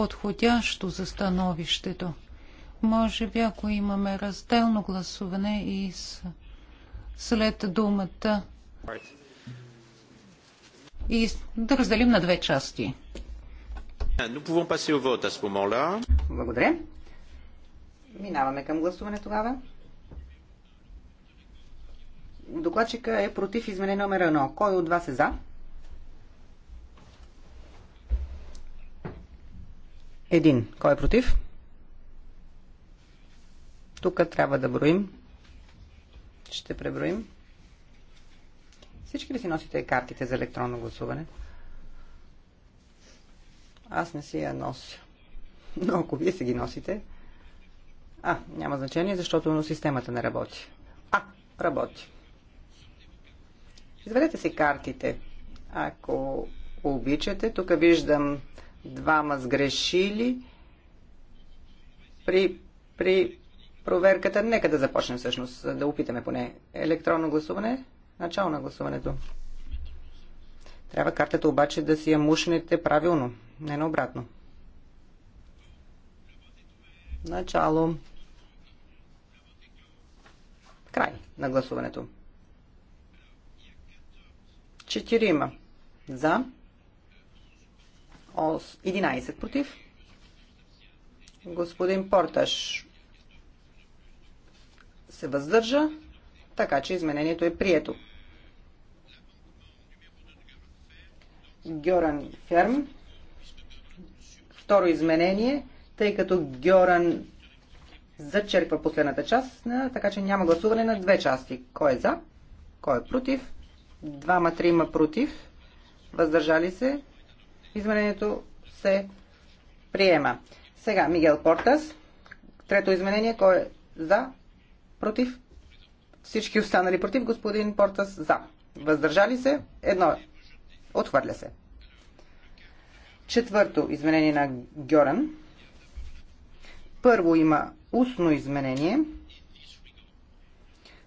подходящо за становището. Може би, ако имаме разделно гласуване и с... след думата и да разделим на две части. Благодаря. Минаваме към гласуване тогава. Докладчика е против изменение номер 1. Кой от вас е за? Един. Кой е против? Тук трябва да броим. Ще преброим. Всички ли си носите картите за електронно гласуване? Аз не си я нося. Но ако вие си ги носите... А, няма значение, защото системата не работи. А, работи. Изведете си картите. Ако обичате, тук виждам двама сгрешили при, при проверката. Нека да започнем всъщност, да опитаме поне електронно гласуване, начало на гласуването. Трябва картата обаче да си я мушнете правилно, не на обратно. Начало. Край на гласуването. Четирима. За. 11 против. Господин Порташ се въздържа, така че изменението е прието. Гьоран Ферм. Второ изменение, тъй като Гьоран зачерква последната част, така че няма гласуване на две части. Кой е за? Кой е против? Двама-трима против. Въздържали се? Изменението се приема. Сега Мигел Портас. Трето изменение. Кой е за? Против? Всички останали против. Господин Портас за. Въздържали се? Едно. Е. Отхвърля се. Четвърто изменение на Гьоран. Първо има устно изменение,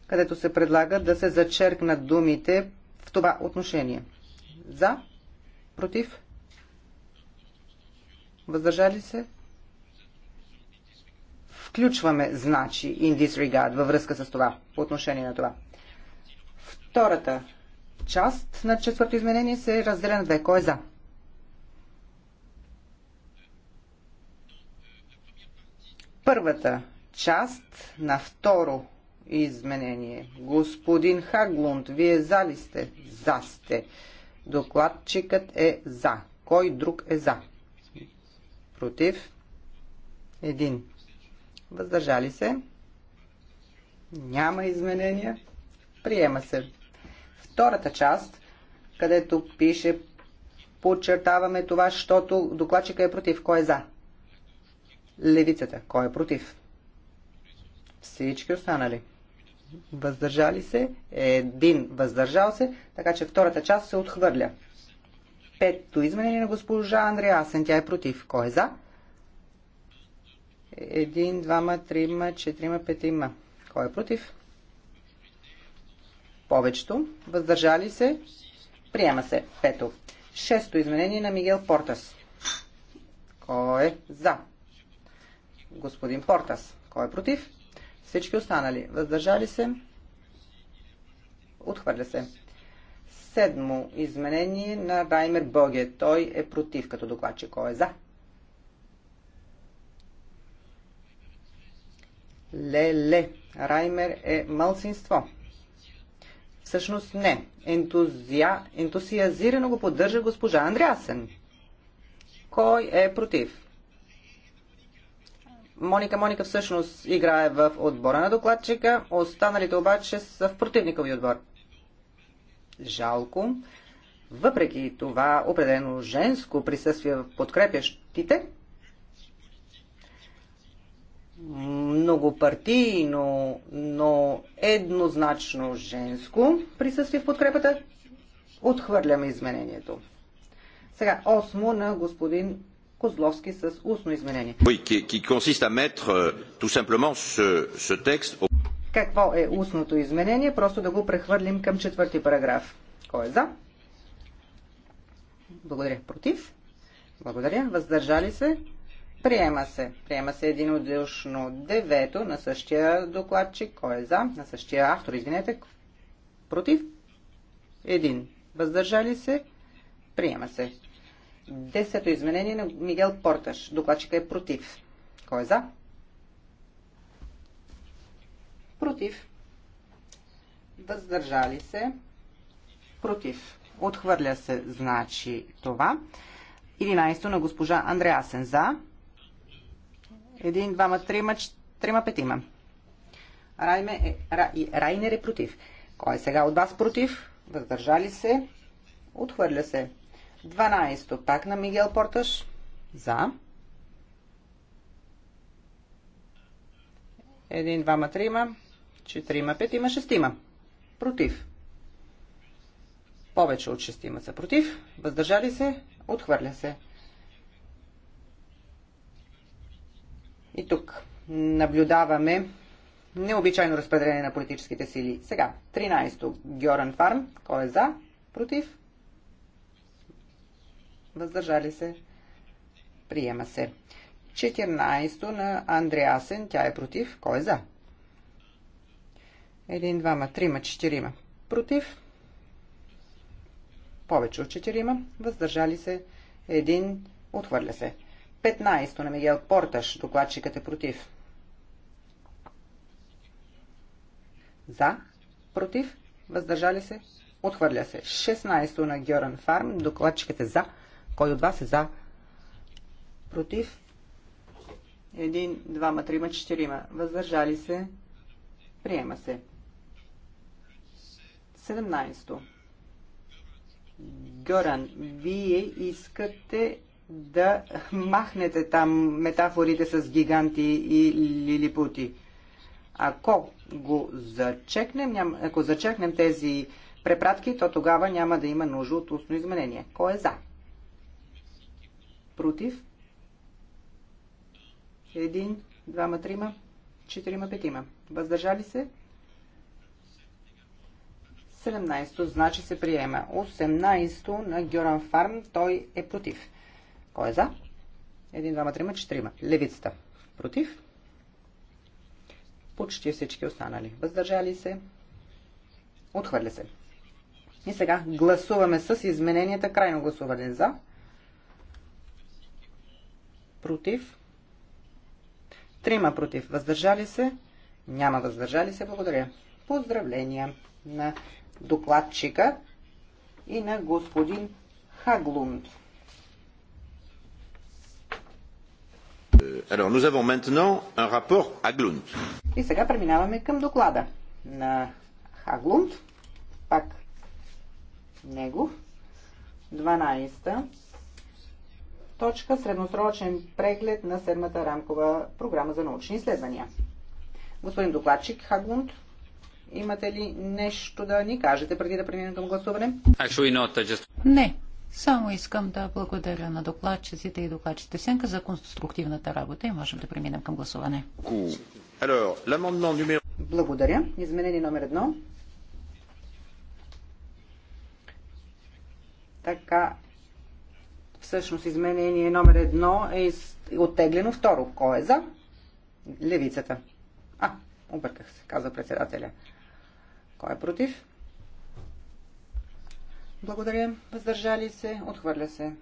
където се предлага да се зачеркнат думите в това отношение. За? Против? Въздържали се? Включваме, значи, in disregard, във връзка с това, по отношение на това. Втората част на четвърто изменение се разделя на две. Кой е за? Първата част на второ изменение. Господин Хаглунд, вие за ли сте? За сте. Докладчикът е за. Кой друг е за? против, 1. Въздържали се, няма изменения, приема се. Втората част, където пише подчертаваме това, защото докладчика е против. Кой е за? Левицата. Кой е против? Всички останали. Въздържали се. Един въздържал се, така че втората част се отхвърля. Пето изменение на госпожа Андреасен. Тя е против. Кой е за? Един, двама, трима, четирима, петима. Кой е против? Повечето. Въздържали се? Приема се. Пето. Шесто изменение на Мигел Портас. Кой е за? Господин Портас. Кой е против? Всички останали. Въздържали се? Отхвърля се. Седмо изменение на Раймер Боге. Той е против като докладчик. Кой е за? Ле-ле. Раймер е малцинство. Всъщност не. Ентузия... Ентусиазирано го поддържа госпожа Андреасен. Кой е против? Моника Моника всъщност играе в отбора на докладчика, останалите обаче са в противникови отбор. Жалко. Въпреки това, определено женско присъствие в подкрепящите, многопартийно, но еднозначно женско присъствие в подкрепата, отхвърляме изменението. Сега, осмо на господин Козловски с устно изменение. Oui, qui, qui consiste à mettre euh, tout simplement ce, ce texte au... Какво е устното изменение? Просто да го прехвърлим към четвърти параграф. Кой е за? Благодаря. Против? Благодаря. Въздържали се? Приема се. Приема се единодушно девето на същия докладчик. Кой е за? На същия автор, извинете. Против? Един. Въздържали се? Приема се. Десето изменение на Мигел Порташ. Докладчика е против. Кой е за? против, въздържали се, против. Отхвърля се, значи това. 11 на госпожа Андреасен за. Един, двама 3, 3, петима. Райме е, Рай, Райнер е против. Кой е сега от вас против? Въздържали се. Отхвърля се. 12. Пак на Мигел Порташ. За. Един, двама, трима. Четирима, петима, шестима. Против. Повече от шестима са против. Въздържали се. Отхвърля се. И тук наблюдаваме необичайно разпределение на политическите сили. Сега, 13-то, Георан Фарм. Кой е за? Против? Въздържали се? Приема се. 14-то на Андреасен. Тя е против. Кой е за? Един, двама, трима, четирима. Против? Повече от четирима. Въздържали се? Един. Отхвърля се. 15 на Мигел Порташ. Докладчикът е против. За. Против. Въздържали се? Отхвърля се. 16 на Гьоран Фарм. Докладчикът е за. Кой от вас е за? Против? Един, двама, трима, четирима. Въздържали се? Приема се. 17. Горан, вие искате да махнете там метафорите с гиганти и лилипути. Ако го зачекнем, ням, ако зачекнем тези препратки, то тогава няма да има нужда от устно изменение. Кой е за? Против? Един, двама, трима, четирима, петима. Въздържали се? 17 то значи се приема. 18 то на Гьоран Фарм, той е против. Кой е за? 1, 2, 3, 4. Левицата. Против. Почти всички останали. Въздържали се. Отхвърля се. И сега гласуваме с измененията. Крайно гласуване за. Против. Трима против. Въздържали се. Няма въздържали се. Благодаря. Поздравления на докладчика и на господин Хаглунд. Euh, alors, nous avons maintenant un rapport Haglund. И сега преминаваме към доклада на Хаглунд, пак негов, 12-та точка средносрочен преглед на седмата рамкова програма за научни изследвания. Господин докладчик Хаглунд, Имате ли нещо да ни кажете преди да преминем към гласуване? Не. Само искам да благодаря на докладчиците и докладчите Сенка за конструктивната работа и можем да преминем към гласуване. Благодаря. Изменение номер едно. Така, всъщност изменение номер едно е оттеглено второ. Кой е за? Левицата. А, обърках се, каза председателя. Кой е против? Благодаря. Въздържали се. Отхвърля се.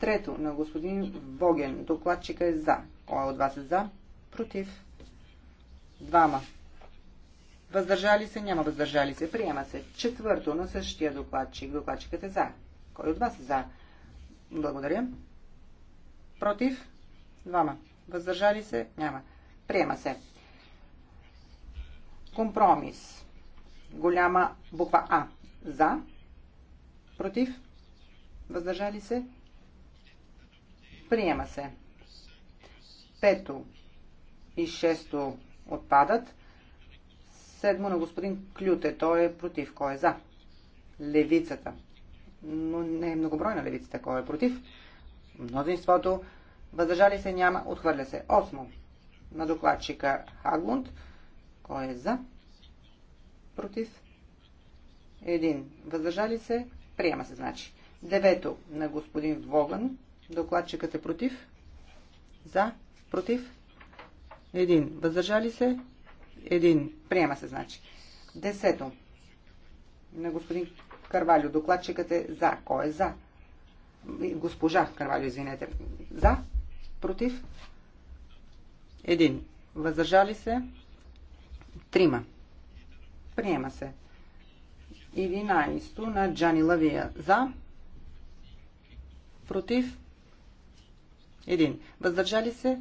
Трето на господин Боген. Докладчика е за. Кой от вас е за? Против. Двама. Въздържали се? Няма въздържали се. Приема се. Четвърто на същия докладчик. Докладчикът е за. Кой от вас е за? Благодаря. Против? Двама. Въздържали се? Няма. Приема се. Компромис. Голяма буква А. За. Против. Въздържали се. Приема се. Пето и шесто отпадат. Седмо на господин Клюте. Той е против. Кой е за? Левицата. Но не е многобройна левицата. Кой е против? Мнозинството. Въздържали се няма. Отхвърля се. Осмо на докладчика Хаглунд. Кой е за? Против? Един. Въздържали се? Приема се, значи. Девето на господин Воган. Докладчикът е против. За? Против? Един. Въздържали се? Един. Приема се, значи. Десето на господин Карвалю. Докладчикът е за. Кой е за? Госпожа Карвалю, извинете. За? Против? Един. Въздържали се? Трима. Приема се. 11 на Джани Лавия. За. Против. Един. Въздържали се.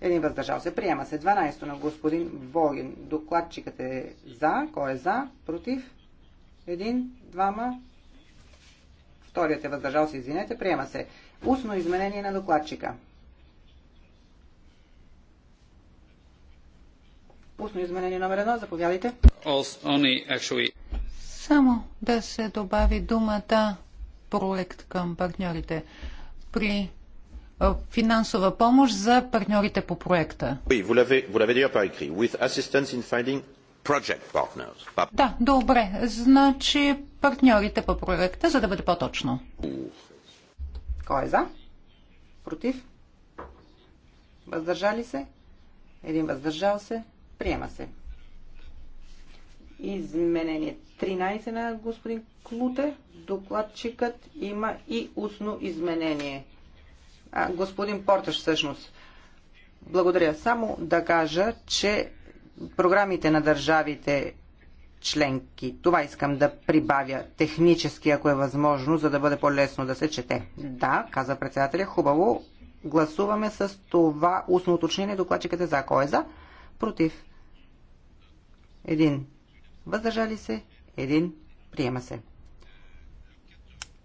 Един въздържал се. Приема се. 12 на господин Волгин. Докладчикът е за. Кой е за? Против. Един. Двама. Вторият е въздържал се. Извинете. Приема се. Устно изменение на докладчика. Устно изменение номер едно. Заповядайте. Само да се добави думата проект към партньорите. При финансова помощ за партньорите по проекта. Да, добре. Значи партньорите по проекта, за да бъде по-точно. Кой е за? Против? Въздържали се? Един въздържал се. Приема се. Изменение 13 на господин Клуте. Докладчикът има и устно изменение. А, господин Порташ всъщност. Благодаря. Само да кажа, че програмите на държавите членки. Това искам да прибавя технически, ако е възможно, за да бъде по-лесно да се чете. Да, каза председателя, хубаво. Гласуваме с това устно уточнение. Докладчикът е за. Кой е за? против, Един. въздържали се, Един. приема се.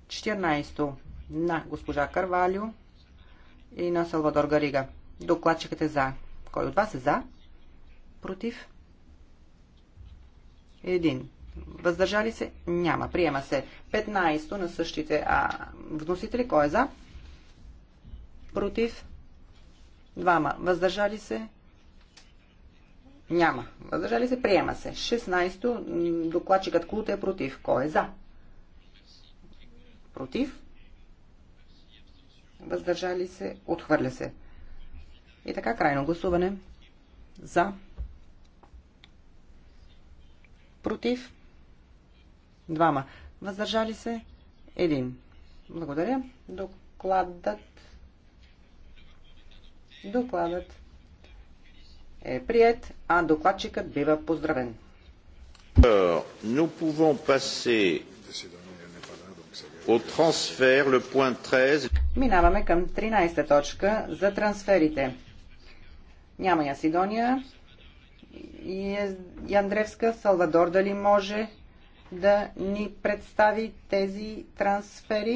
14 на госпожа Карвалио и на Салвадор Гарига. Докладчикът е за. Кой от вас е за? Против? Един. Въздържали се? Няма. Приема се. 15 на същите а, вносители. Кой е за? Против? Двама. Въздържали се? Няма. Въздържали се? Приема се. 16-то. Докладчикът Клута е против. Кой е за? Против. Въздържали се? Отхвърля се. И така, крайно гласуване. За. Против. Двама. Въздържали се? Един. Благодаря. Докладът. Докладът е прият, а докладчикът бива поздравен. Nous pouvons passer au transfert, le point 13. Минаваме към 13 та точка за трансферите. Няма я Сидония и е- Яндревска. Салвадор дали може да ни представи тези трансфери?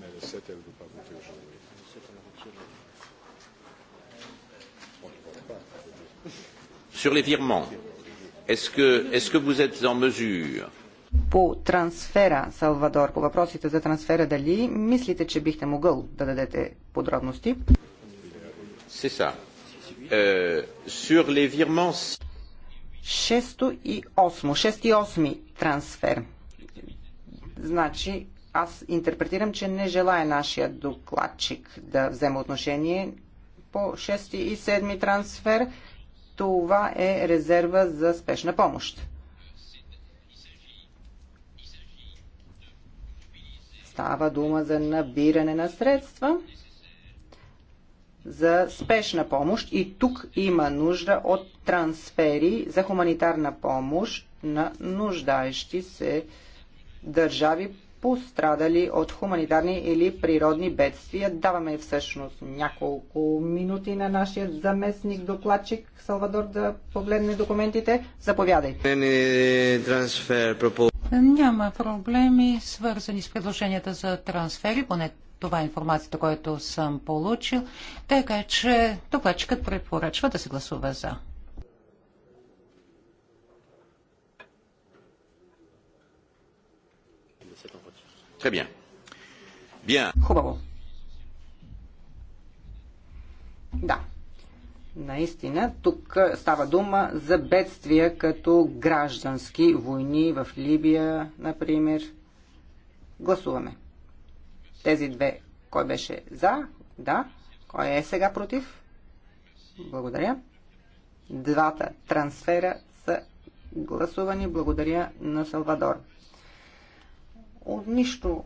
Не, Sur les virements, est-ce que, est que vous êtes en mesure по трансфера, Салвадор, по въпросите за трансфера, дали мислите, че бихте могъл да дадете подробности? C'est ça. Euh, Шесто и осмо. Шест и осми трансфер. Значи, аз интерпретирам, че не желая нашия докладчик да вземе отношение по шести и седми трансфер това е резерва за спешна помощ. Става дума за набиране на средства за спешна помощ и тук има нужда от трансфери за хуманитарна помощ на нуждаещи се държави пострадали от хуманитарни или природни бедствия. Даваме всъщност няколко минути на нашия заместник докладчик Салвадор да погледне документите. Заповядайте. Няма проблеми, свързани с предложенията за трансфери, поне това е информацията, която съм получил, така че докладчикът препоръчва да се гласува за. Très bien. Bien. Хубаво. Да. Наистина, тук става дума за бедствия като граждански войни в Либия, например. Гласуваме. Тези две. Кой беше за? Да. Кой е сега против? Благодаря. Двата трансфера са гласувани. Благодаря на Салвадор от нищо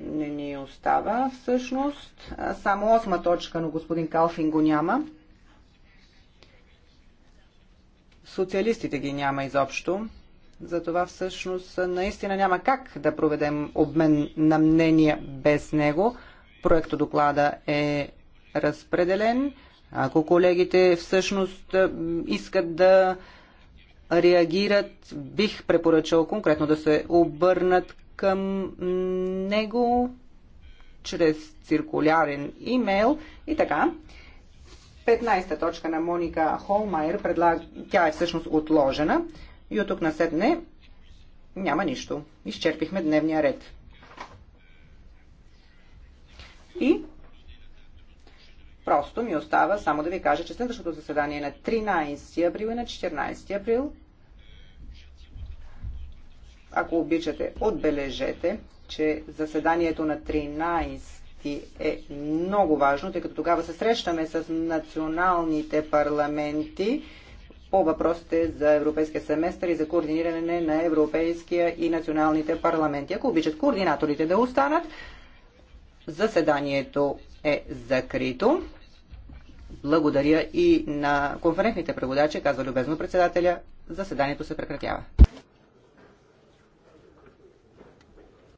не ни остава. Всъщност, само осма точка, но господин Калфин го няма. Социалистите ги няма изобщо. Затова всъщност наистина няма как да проведем обмен на мнения без него. доклада е разпределен. Ако колегите всъщност искат да реагират, бих препоръчал конкретно да се обърнат към него чрез циркулярен имейл и така. 15-та точка на Моника Холмайер, предлага, тя е всъщност отложена и от тук на седне няма нищо. Изчерпихме дневния ред. И просто ми остава само да ви кажа, че следващото заседание е на 13 април и на 14 април ако обичате, отбележете, че заседанието на 13 е много важно, тъй като тогава се срещаме с националните парламенти по въпросите за европейския семестър и за координиране на европейския и националните парламенти. Ако обичат координаторите да останат, заседанието е закрито. Благодаря и на конферентните преводачи, казва любезно председателя. Заседанието се прекратява.